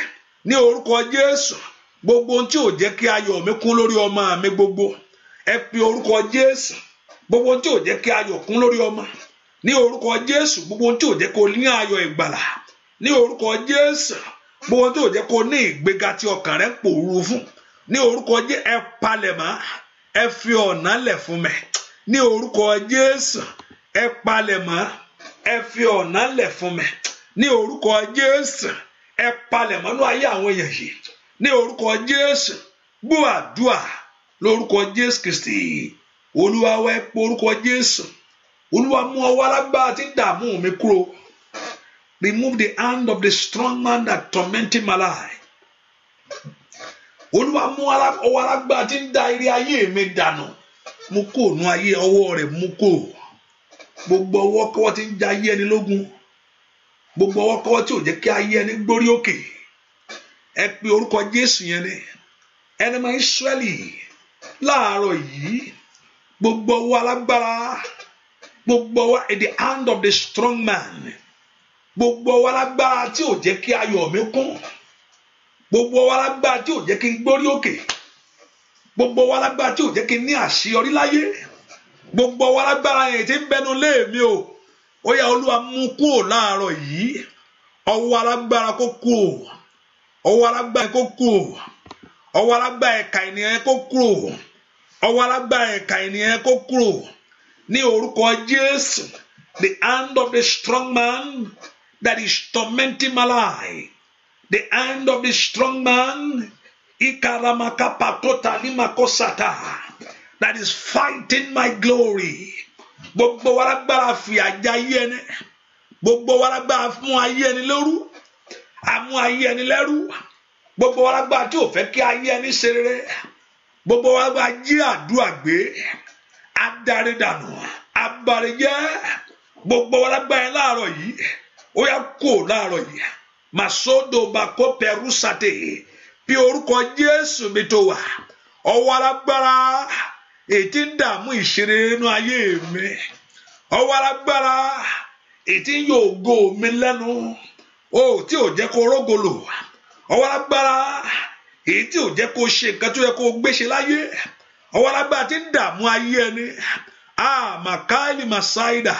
ní orúkọ jésù gbogbo ohun tí ò jẹ́ kí ayọ̀ mi kún lórí ọmọ mi gbogbo ẹ pe orúkọ jésù gbogbo ohun tí ò jẹ́ kí ayọ̀ kún lórí ọmọ ní orúkọ jésù gbogbo ohun tí ò jẹ́ kó ní ayọ̀ ìgbàlà ní orúkọ jésù gbogbo ohun tí ò jẹ́ kó ní ìgbéga tí ọkàn rẹ pòrúurú fún ní orúkọ jésù ẹ palẹ̀mọ́ ẹ fi ọ̀nà lẹ̀ fún mi ní orúkọ jésù ẹ palẹ̀mọ́ ẹ fi ọ̀nà lẹ̀ fún mi ní orúkọ jésù ẹ palẹ̀ mọ́nú ayé àwọn èèyàn yìí ní orúkọ Jésù gbọ́ àdúà lórúkọ Jésù Kristi Olúwa wá ẹ pé orúkọ Jésù Olúwa mú ọwọ́ alágbára tí dààmú mi kúrò remove the hand of the strong man that tormented my life. Olúwa mú ọwọ́ alágbára tí ń da eré ayé mi dànù mú kò nu ayé ọwọ́ rẹ̀ mú kò gbogbo ọwọ́ kọ́wọ́ tí ń ja ayé ẹni lógun gbogbo ọwọ́ kọ́wọ́ tí ò jẹ́ kí ayé ẹni gbórí òkè ẹ pe orúkọ Jésù yẹn ni ẹni máa Ísírẹ́lì láàárọ̀ yìí gbogbo ọwọ́ alágbára gbogbo ọwọ́ in the hand of the strong man gbogbo ọwọ́ alágbára tí ò jẹ́ kí ayọ̀ mi kún gbogbo ọwọ́ alágbára tí ò jẹ́ kí n gbórí òkè gbogbo ọwọ́ alágbára tí ò jẹ́ kí n ní àṣeyọrí láyé gbogbo ọwọ́ alágbára yẹn ti ń bẹnu lé mi o ó yá olúwa mú kúrò láàárọ̀ yìí ọwọ́ alágbára kó kúrò ọwọ́ alágbára kó kúrò ọwọ́ alágbára ẹ̀ka ènìyàn kó kúrò ọwọ́ alágbára ẹ̀ka ènìyàn kó kúrò ní orúkọ Jésù the hand of the strong man that is tormenting my life the hand of the strong man ikaramakapakota limakosata that is fighting my glory gbogbo waragbara fìyà já ayé ẹni gbogbo waragbara mú ayé ẹni lẹ́rú àmú ayé ẹni lẹ́rú gbogbo waragbara tí ò fẹ́ kí ayé ẹni ṣe rere gbogbo waragbara jí àdúrà gbé adarí dànù abarijẹ gbogbo waragbara yẹn láàárọ̀ yìí ó yà kó láàárọ̀ yìí màsódò bàkó pẹrú sàtè bí orúkọ Jésù mi tó wà ọwọ́ alágbára. ètí ń dààmú ìṣeré inú ayé mi ọwọ́ alágbára ètí ń yóò go mi lẹ́nu o tí ò jẹ́ kó rógolo ọwọ́ alágbára èyí tí ò jẹ́ kó ṣe nǹkan tó yẹ kó gbéṣe láyé ọwọ́ ti ń dààmú ayé ẹni àmàkáìlì màsáìdà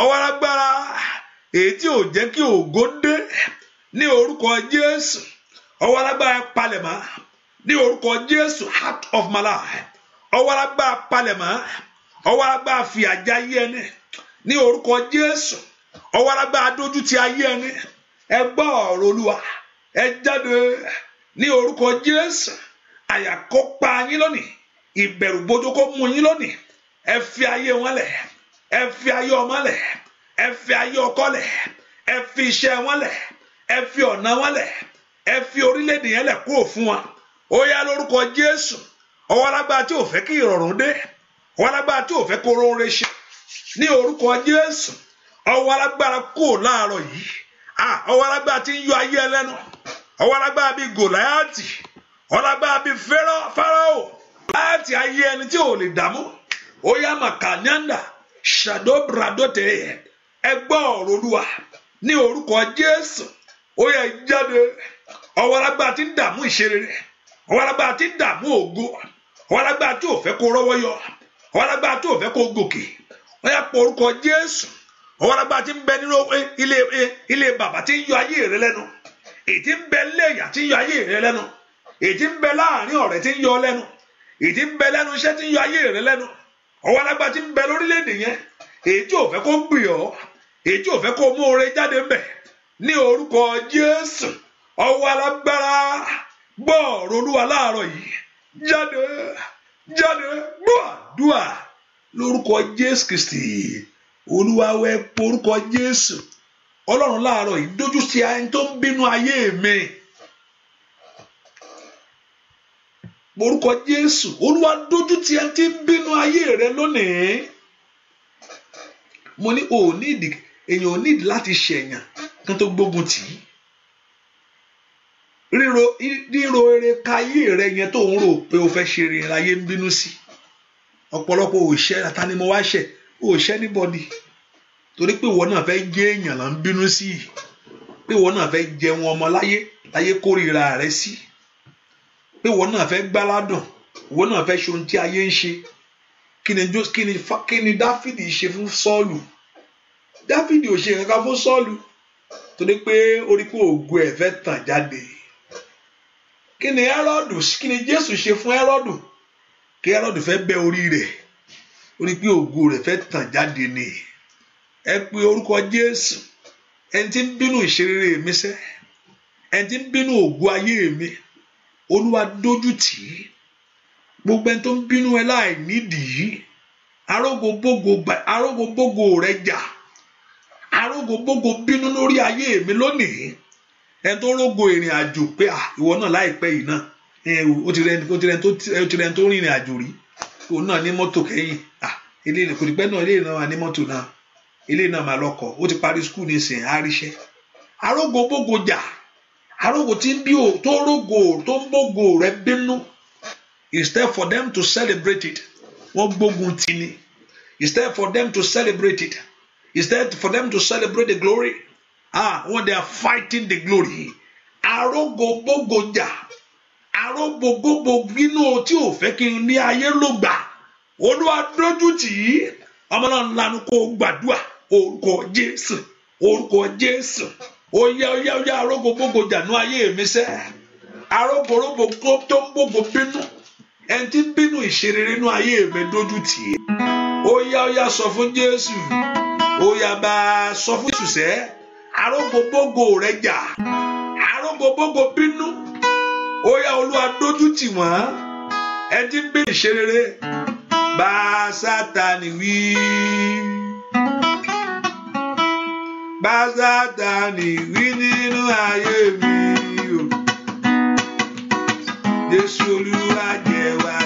ọwọ́ alágbára ò jẹ́ kí ògo dé ní orúkọ Jésù ọwọ́ alágbára ní orúkọ Jésù heart of my life. ọwọ́ alágbá palẹ̀mọ́ ọwọ́ alágbá fìyàjá ayé ẹni ní orúkọ Jésù ọwọ́ alágbá adójú ti ayé ẹni ẹ gbọ́ ọ̀rọ̀ Olúwa ẹ jáde ní orúkọ Jésù àyà kó pa yín lónìí ìbẹ̀rù bojo kó mú yín lónìí ẹ fi ayé wọn lẹ̀ ẹ fi ayé ọmọ lẹ̀ ẹ fi ayé ọkọ lẹ̀ ẹ fi iṣẹ́ wọn lẹ̀ ẹ fi ọ̀nà wọn lẹ̀ ẹ fi orílẹ̀-èdè yẹn lẹ̀ kúrò fún wa ó yá lórúkọ Jésù ọwọ́ alágbára tí ò fẹ́ kí ìrọ̀rùn dé ọwọ́ alágbára tí ò fẹ́ kó rọrùn ṣe ní orúkọ Jésù ọwọ́ alágbára kò láàárọ̀ yìí ọwọ́ alágbára tí ń yọ ayé ẹlẹ́nu ọwọ́ alágbára bíi Gòláyàtì ọwọ́ alágbára bíi Fáráò láti ayé ẹni tí ò lè dààmú ó yá màkànyáńdà ṣàdóbradóte ẹ gbọ́ ọ̀rọ̀ Olúwa ní orúkọ Jésù ó yẹ ọwọ́ alágbára tí ń dààmú ìṣeré ọwọ́ alágbára tí ń dààmú ògo wọn lágbára tí ò fẹ́ kó rọ́wọ́ yọ wọn lágbára tí ò fẹ́ kó gòkè wọn yà pọ orúkọ Jésù wọn tí ń bẹ nínú eh, ilé eh, ilé bàbá tí ń yọ ayé rẹ lẹ́nu ètí ń bẹ léyà tí yọ ayé rẹ lẹ́nu ètí ń bẹ láàrin ọ̀rẹ́ tí ń yọ lẹ́nu ètí ń bẹ lẹ́nu iṣẹ́ yọ ayé rẹ lẹ́nu ọwọ́ tí ń bẹ lórílẹ̀‐èdè yẹn èyí ò fẹ́ kó ọ́ ò fẹ́ kó mú oore jáde jáde jáde gbọ́dúà lórúkọ jésù kristi olúwawẹ porúkọ jésù ọlọ́run láàárọ̀ yìí dójú sí ẹni tó ń bínú ayé mi porúkọ jésù olúwa dójú tí ẹni tí ń bínú ayé rẹ lónìí mo ní o ò ní ìdí èèyàn ò ìdí láti ṣẹ̀yàn kan tó gbógun tì í ríro eré káyé rẹ yẹn tó ń rò pé o fẹ́ ṣe rìn láyé ń bínú sí ọ̀pọ̀lọpọ̀ òṣẹ́ àtàní wá ṣẹ̀ òṣẹ́ níbọ̀dì torí pé ìwọ náà fẹ́ jẹ́ èèyàn là ń bínú sí i pé ìwọ náà fẹ́ jẹun ọmọ láyé láyé kórìíra rẹ sí pé ìwọ náà fẹ́ gbáládùn ìwọ fún sọ́ọ̀lù dáfídì ò ṣe kankan fún sọ́ọ̀lù torí pé orí kí ni Hẹ́rọ́dù kí ni Jésù ṣe fún Hẹ́rọ́dù kí Hẹ́rọ́dù fẹ́ bẹ orí rẹ̀ orí pé ògo rẹ̀ fẹ́ tàn jáde ni ẹ orúkọ Jésù ẹni tí ń bínú ìṣerere mi sẹ́ ẹni tí ń bínú ògo ayé mi Olúwa dójú gbogbo ẹni tó ń bínú ẹ láì nídìí rẹ jà bínú lórí ayé mi lónìí. ẹni tó rógo ìrìn àjò pé à ah, ìwọ náà láìpẹ́ yìí náà ó ti rẹ ẹni tó rìnrìn àjò rí òun náà ní mọ́tò kẹ́yìn à ah, eléyìí kò dípẹ́ náà eléyìí náà wà ní mọ́tò náà eléyìí náà mà lọ́kọ̀ ó ti parí skul nísìnyí àríṣẹ́ arógo bógo jà arógo tí ń bí o tó rógo tó ń bógo rẹ bínú instead for them to celebrate it wọ́n gbógun tì ní instead for them to celebrate it instead for them to celebrate the glory ah when they are fighting the glory arógbogbòjà arógbogbògbò inú tí ò fẹ́ kí n ní ayé ló gbà olúwa dójú tì í ọmọláwọn lanu kó gbàdúrà orúkọ jésù orúkọ jésù oyá oyá oyá arógbogbòjà nú ayé mi sẹ́ arógbogbò tó ń gbogbo bínú ẹni tí bínú ìṣerere nú ayé mi dójú tì oyá oyá sọ fún jésù oyá bá sọ fún jésù sẹ́ẹ́ arógbóbógo rẹ jà arógbóbógo bínú ó yá olúwa dójú tì wọ́n ẹ ti ń bèrè ṣe rere bá sátani wí. bá sátani wí nínú ayé mi o jésù olúwa jẹ́ wá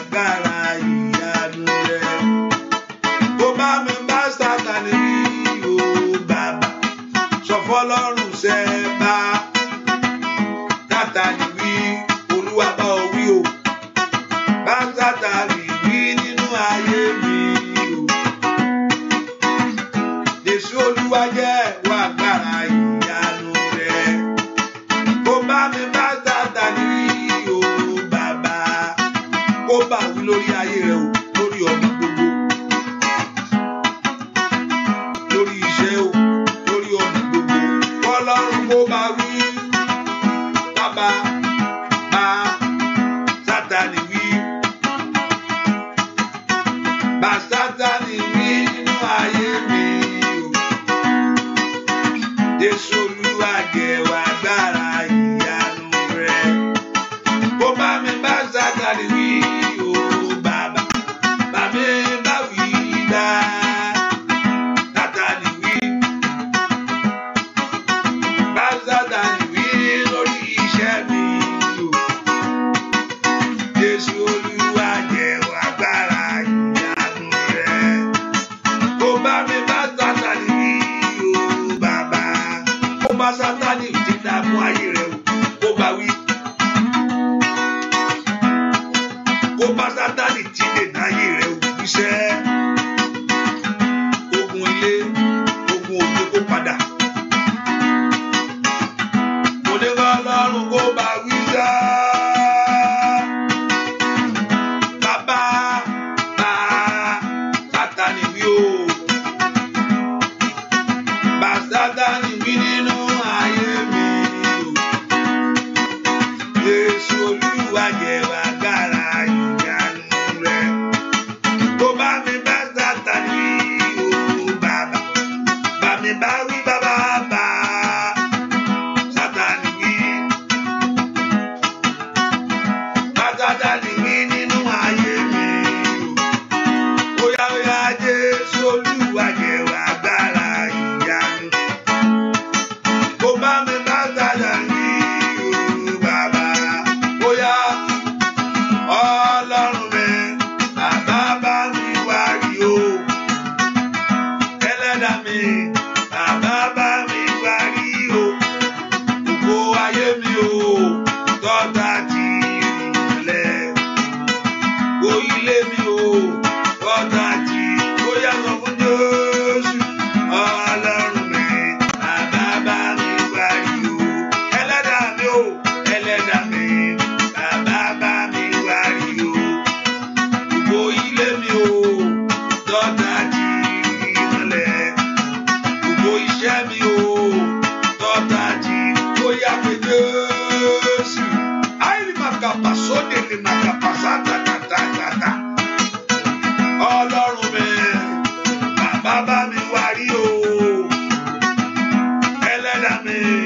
Espérame.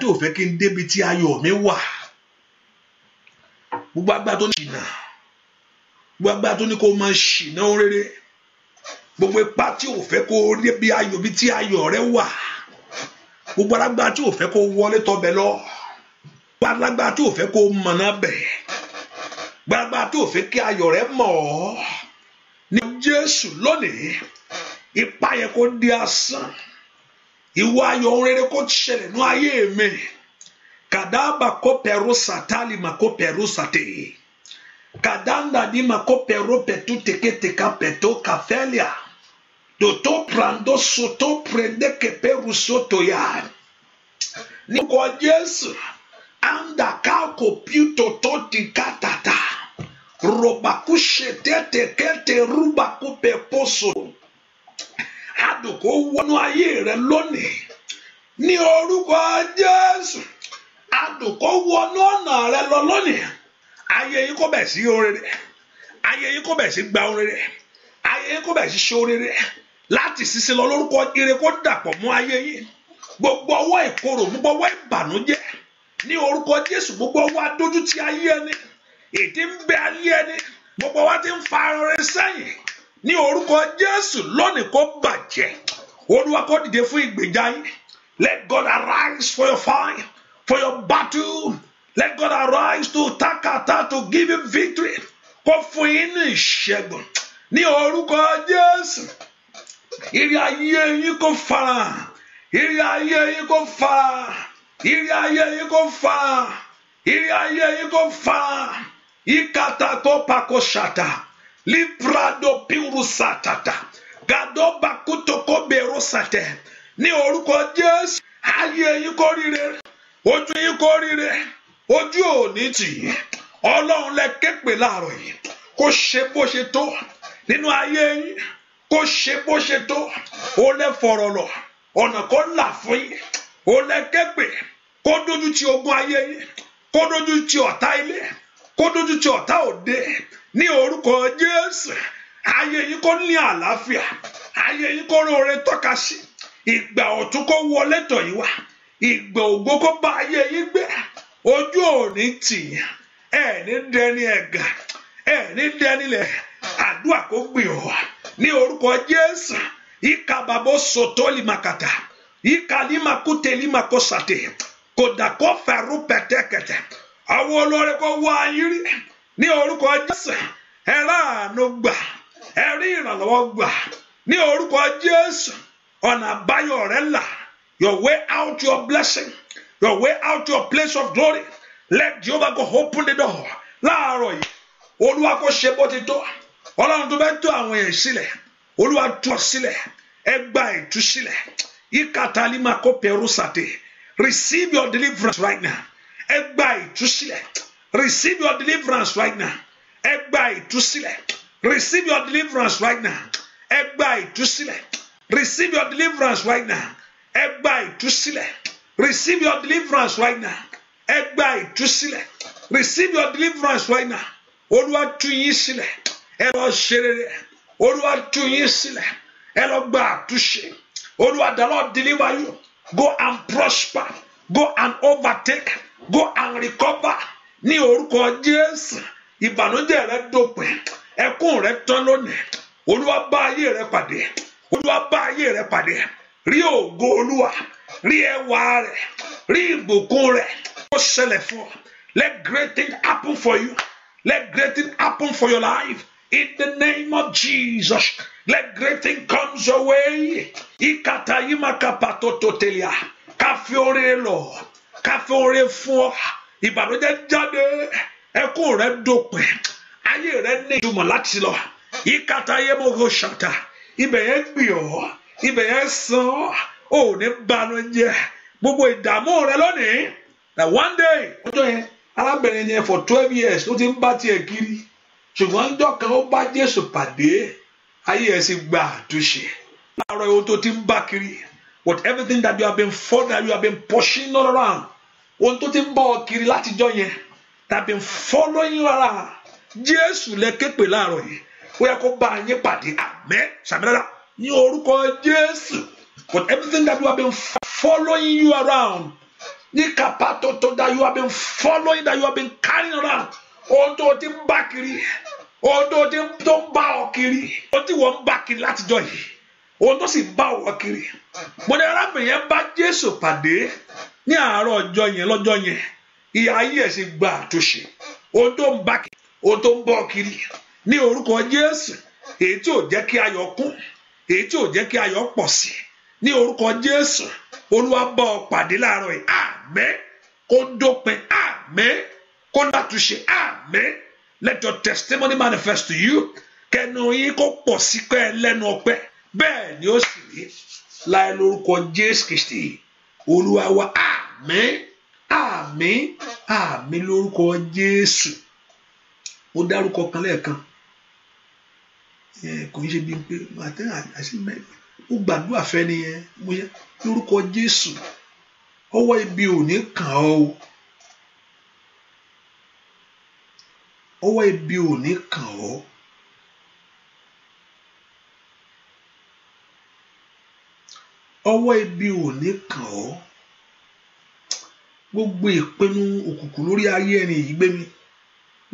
tó fẹ́ kí n débi tí ayọ̀ mi wà gbogbo agbára tó ní ṣìnà gbogbo agbára tó ní kó máa ṣìnà ó rere gbogbo ipá tí ò fẹ́ kó débi ayọ̀ bí tí ayọ̀ rẹ wà gbogbo alágbára tí ò fẹ́ kó wọlé tọbẹ̀ lọ gbogbo alágbára tí ò fẹ́ kó mọ̀nà bẹ̀ gbogbo alágbára tí ò fẹ́ kí ayọ̀ rẹ mọ̀ ọ́ ní Jésù lónìí ipá yẹn kó di asán ìwọ ayọ̀ ohun rere kó ṣẹlẹ̀ nú ayé mi kàdáàbà kó pẹ̀rú sàtálì mà kó pẹ̀rú sàtè kàdáńdà ní mà kó pẹ̀rú pẹ̀tú tèkétéka pẹ̀tó kàfẹ́lìà dòtó prando sotó prende kẹpẹ́rù sotó yá ní Jésù anda káàkó pító tó ti ká tata robakushe tètè kẹtẹ rubaku pẹ̀ àdùn kó wọnú ayé rẹ lónìí ní orúkọ Jésù àdùn kó wọnú ọ̀nà rẹ lọ lónìí ayé yìí kò bẹ̀ sí orere ayé yìí kò bẹ̀ sí gba orere ayé yìí kò bẹ̀ sí ṣe orere láti ṣiṣẹ́ lọ lórúkọ ire kó dàpọ̀ mọ́ ayé yìí gbogbo ọwọ́ ìkorò gbogbo ọwọ́ ìbànújẹ́ ní orúkọ Jésù gbogbo ọwọ́ adójútì ayé ẹni ètí ń bẹ ayé ẹni gbogbo wa ti ń fa ara rẹ sẹ́yìn ní orúkọ Jésù lónìí kó bàjẹ́ Olúwa kó dìde fún ìgbèjà yín let God arise for your fight, for your battle let God arise to attack attack to give you victory kó fún yín ní ìṣẹ́gun ní orúkọ Jésù ìrì ayé yín kó fara. ìrì ayé yín kó farahàn ìrì ayé yín kó farahàn ìrì ayé yín kó farahàn ìkàtà tó pakó ṣàtà librado pirusa tata gado bakutoko berosate ní orúkọ jésù ayé yín kó rire ojú yín kó rire ojú òní tì ọlọ́run lẹ képe láàárọ̀ yìí kó ṣe bó ṣe tó nínú ayé yín kó ṣe bó ṣe tó ó lẹ fọ̀rọ̀ lọ ọ̀nà kó là fún yín ó lẹ képe kó dójú ti ogun ayé yín kó dójú ti ọ̀tá ilé kó dójú ti ọ̀tá òde ní orúkọ Jésù ayé yìí kó ní àlàáfíà ayé yìí kó róore tọ́ka sí ìgbà ọ̀tún kó wọlé tọ̀ yìí wá ìgbà ògo kó bá ayé yìí gbé ojú òní tìyàn ẹ̀ẹ́ni dẹni ẹ̀gà ẹ̀ẹ́ni dẹni lẹ̀ àdúrà kó gbìyànjú ní orúkọ Jésù ikababo sotoli makata fẹrù pẹtẹkẹtẹ àwọn olórí ní orúkọ Jésù ẹ ráàánú gbà ẹ rí ìrànlọ́wọ́ gbà ní orúkọ Jésù ọ̀nà àbáyọ rẹ là your way out your blessing your way out your place of glory let Jehovah go open the door láàárọ̀ yìí olúwa kò ṣe bó ti tó ọlọ́run tó bẹ́ tó àwọn èèyàn sílẹ̀ olúwa tú ọ sílẹ̀ ẹ gba ìtúsílẹ̀ ikatalima kó pẹ̀rú sàté receive your deliverance right now ẹ gba ìtúsílẹ̀ receive your deliverance right now ẹ gba ìtúsílẹ̀ receive your deliverance right now ẹ gba ìtúsílẹ̀ receive your deliverance right now ẹ gba ìtúsílẹ̀ receive your deliverance right now ẹ gba ìtúsílẹ̀ receive your deliverance right now olúwa tú yín sílẹ̀ ẹ lọ ṣe rere olúwa tú yín sílẹ̀ ẹ lọ gba àtúnṣe olúwa the Lord deliver you go and prosper go and overtake go and recover ní orúkọ jésù ìbànújẹ́ rẹ dópin ẹkún rẹ tán lónìí olúwa bá ayé rẹ pàdé olúwa bá ayé rẹ pàdé rí ògo olúwa rí ẹwà rẹ rí ìbùkún rẹ ó ṣẹlẹ̀ fún ọ let great things happen for you let great things happen for your life in the name of jesus let great things come your way ìkàtà yìí máa kà pàtó tó tẹ̀lé à káfí lọ káfí fún ọ ìbànújẹ́ jáde ẹkún rẹ dópin ayé rẹ ní ìtumọ̀ láti lọ ìkàtà yẹmọ̀gò ṣàtà ibẹ̀ yẹn gbìn ibẹ̀ yẹn sàn ọ́ ò ní banújẹ́ gbogbo ìdààmú rẹ lónìí na one day ọjọ́ yẹn arábìnrin yẹn for twelve years ó ti ń bá tiẹ̀ kiri ṣùgbọ́n ń dọ́kan ó bá Jésù pàdé ayé ẹ̀ sì gba àtúnṣe láàárọ̀ ohun tó ti ń bá kiri with everything that you have been for that you have been pushing all around ohun tó ti ń bọ̀ ọ́ kiri látijọ́ yẹn tàbí following lára jésù lẹ képe láàárọ̀ yìí ó yẹ kó bá a yín pàdé àmín sàmìlára ní orúkọ jésù but everything that you have been following you around ní kàpá tó that you have been following that you have been carrying around ohun tó ti ń bá kiri ohun tó ti ń bá ọ kiri ohun tí wọ́n ń bá kiri látijọ́ yìí ohun tó sì bá wọ kiri mo ní arábìnrin yẹn bá Jésù pàdé ní àárọ̀ ọjọ́ yẹn lọ́jọ́ yẹn ìyá ayé ẹ̀ ṣe gba àtúnṣe ohun tó ń bá kiri ohun tó ń bọ̀ kiri ní orúkọ Jésù èyí tí ò jẹ́ kí ayọ̀ kún èyí tí ò jẹ́ kí ayọ̀ pọ̀ sí ní orúkọ Jésù Olúwa bá ọ pàdé láàárọ̀ yìí àmín kó dópin àmín kó látúnṣe àmín let your testimony manifest to you kẹnu yín kó pọ̀ sí pẹ́ lẹ́nu ọpẹ́ bẹ́ẹ̀ ni ó sì rí láì lórúkọ Jésù Kristi olúwa wa àmín àmín àmín lórúkọ Jésù mo dárúkọ kan lẹ́ẹ̀kan kò ń ṣe bíi pé àti àti mẹ́rin ó gbàdúrà fẹ́ nìyẹn mo ṣe lórúkọ Jésù ọwọ́ ibi ò ní kàn ọ́ o ọwọ́ ibi ò ní kàn ọ́ ọwọ́ ibi ò ní kàn ọ́ gbogbo ìpinnu òkùnkùn lórí ayé ẹni yìí gbé mi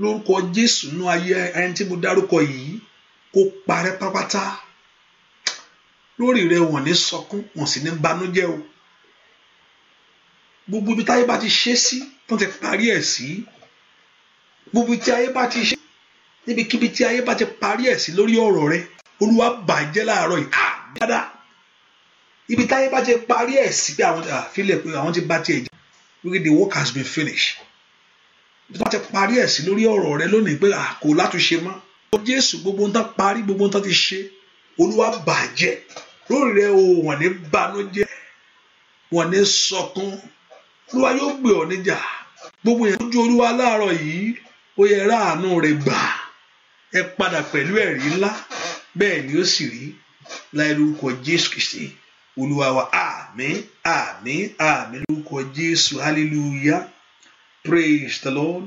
lórúkọ Jésù nú ayé ẹni tí mo dárúkọ yìí kó parẹ́ pátápátá lórí rẹ wọ́n ní sọkún wọ́n sì ní banújẹ́ o gbogbo ibi táyé bá ti ṣe sí wọ́n ti parí ẹ̀ sí gbogbo ibi tí ayé bá ti ṣe níbikíbi tí ayé bá ti parí ẹ̀ sí lórí ọ̀rọ̀ rẹ Olúwa bàjẹ́ láàárọ̀ yìí ibi táyé bá ti parí ẹ̀ sí pé àwọn àfilẹ̀ ah, pé àwọn ti bá tiẹ̀ jẹ́ wípé the work has been finished ibi tó bá ti parí ẹ̀ sí lórí ọ̀rọ̀ rẹ lónìí pé ah, kò látúnṣe mọ́ ó jésù gbogbo ń tán parí gbogbo ń tán ti ṣe olúwa bàjẹ́ lórí rẹ o wọ́n ní banújẹ́ wọ́n ní sọkún olúwa yóò gbé ọ níjà gbogbo yẹn lójú olúwa láàárọ̀ yìí ó yẹ ráàánú rẹ gbà ẹ padà pẹ̀lú ẹ̀rí ńlá bẹ́ẹ̀ ni ó sì rí láì lórúkọ jésù kìsì olúwa Amen, Amen, Amen. àmín lórúkọ jésù hallelujah praise the lord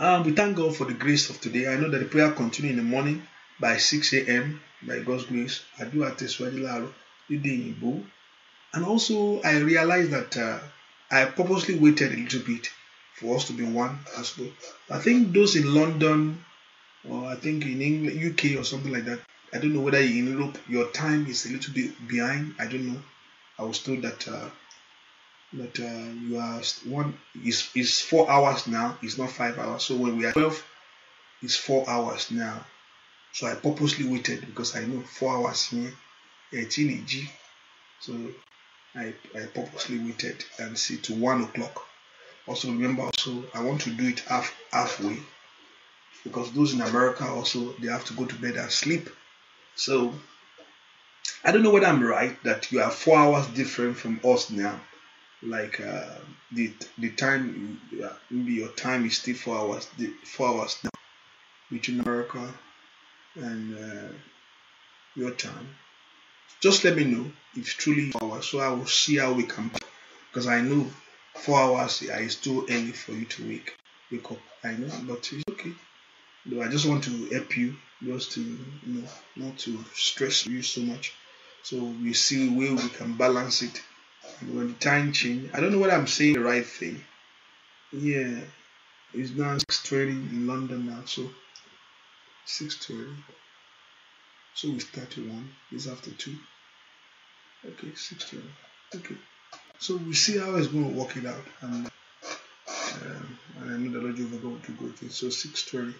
um, we thank god for the grace of today i know that the prayer continue in the morning by six a.m. by god's grace àdúrà tẹ̀síwájú láàárọ̀ lédè òyìnbó and also i realized that uh, i purposely waited a little bit for us to be one as well i think those in london or i think in england uk or something like that I don't know whether in Europe your time is a little bit behind. I don't know. I was told that uh, that uh, you are one is is four hours now. It's not five hours. So when we are twelve, it's four hours now. So I purposely waited because I know four hours here, eighteen G. So I I purposely waited and see to one o'clock. Also remember also I want to do it half halfway because those in America also they have to go to bed and sleep so I don't know whether I'm right that you are four hours different from us now. Like uh, the the time uh, maybe your time is still four hours four hours now between America and uh, your time. Just let me know if truly four hours, so I will see how we can. Because I know four hours is too early for you to wake wake up. I know, but it's okay. Though I just want to help you, just to you know, not to stress you so much. So we see where we can balance it. And when the time change, I don't know what I'm saying the right thing. Yeah, it's now 6:20 in London now, so 6:20. So we start at one. It's after two. Okay, 6:20. Okay. So we see how it's going to work it out, and um, and I know the Lord Jehovah God to go good things. So 6:20.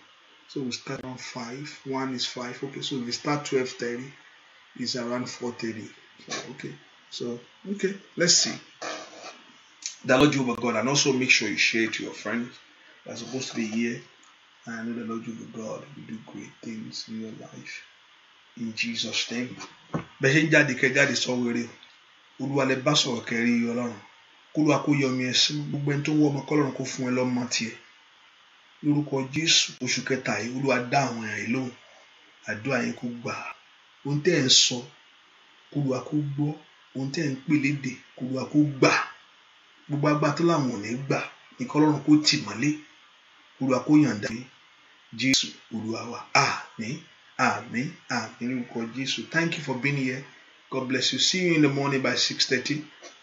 So we start on 5. 1 is 5. Okay, so we start 12.30. It's around 4.30. So, okay. So, okay, let's see. The Lord Jehovah God, and also make sure you share it to your friends. They're supposed to be here. And I know the Lord Jehovah God will do great things in your life. In Jesus' name. Bẹ́ẹ̀ ṣe ń jáde sọ wẹrẹ Olúwa bá sọ̀rọ̀ kẹrin Ọlọ́run kó lu akóyọmí ẹ̀sìn gbogbo ẹni tó ń ọmọ kọ́lọ́run kó fún ẹ lọ́mọ tiẹ̀ lórúkọ jésù oṣù kẹta yìí olúwa dá àwọn èèyàn yìí lóhùn àdúrà yín kó gbà á ohun tẹ́ ẹ̀ ń sọ kólúwa kó gbọ́ ohun tẹ́ ẹ̀ ń pè léde kólúwa kó gbà gbogbo agbára tó láwọn ò ní gbà nìkan ọlọ́run kó tì mọ́lé kólúwa kó yàǹda mi jésù olúwa wa àmín àmín àmín lórúkọ jésù thank you for being here god bless you see you in the morning by six thirty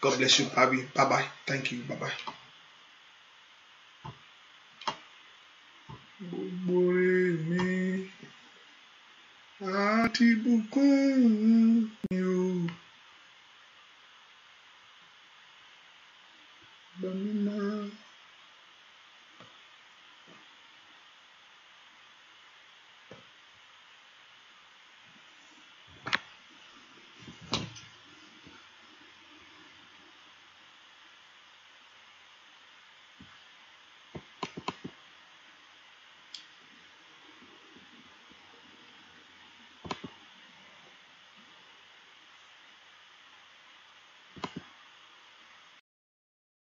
god bless you bye bye thank you bye bye. àti bùkún mi o.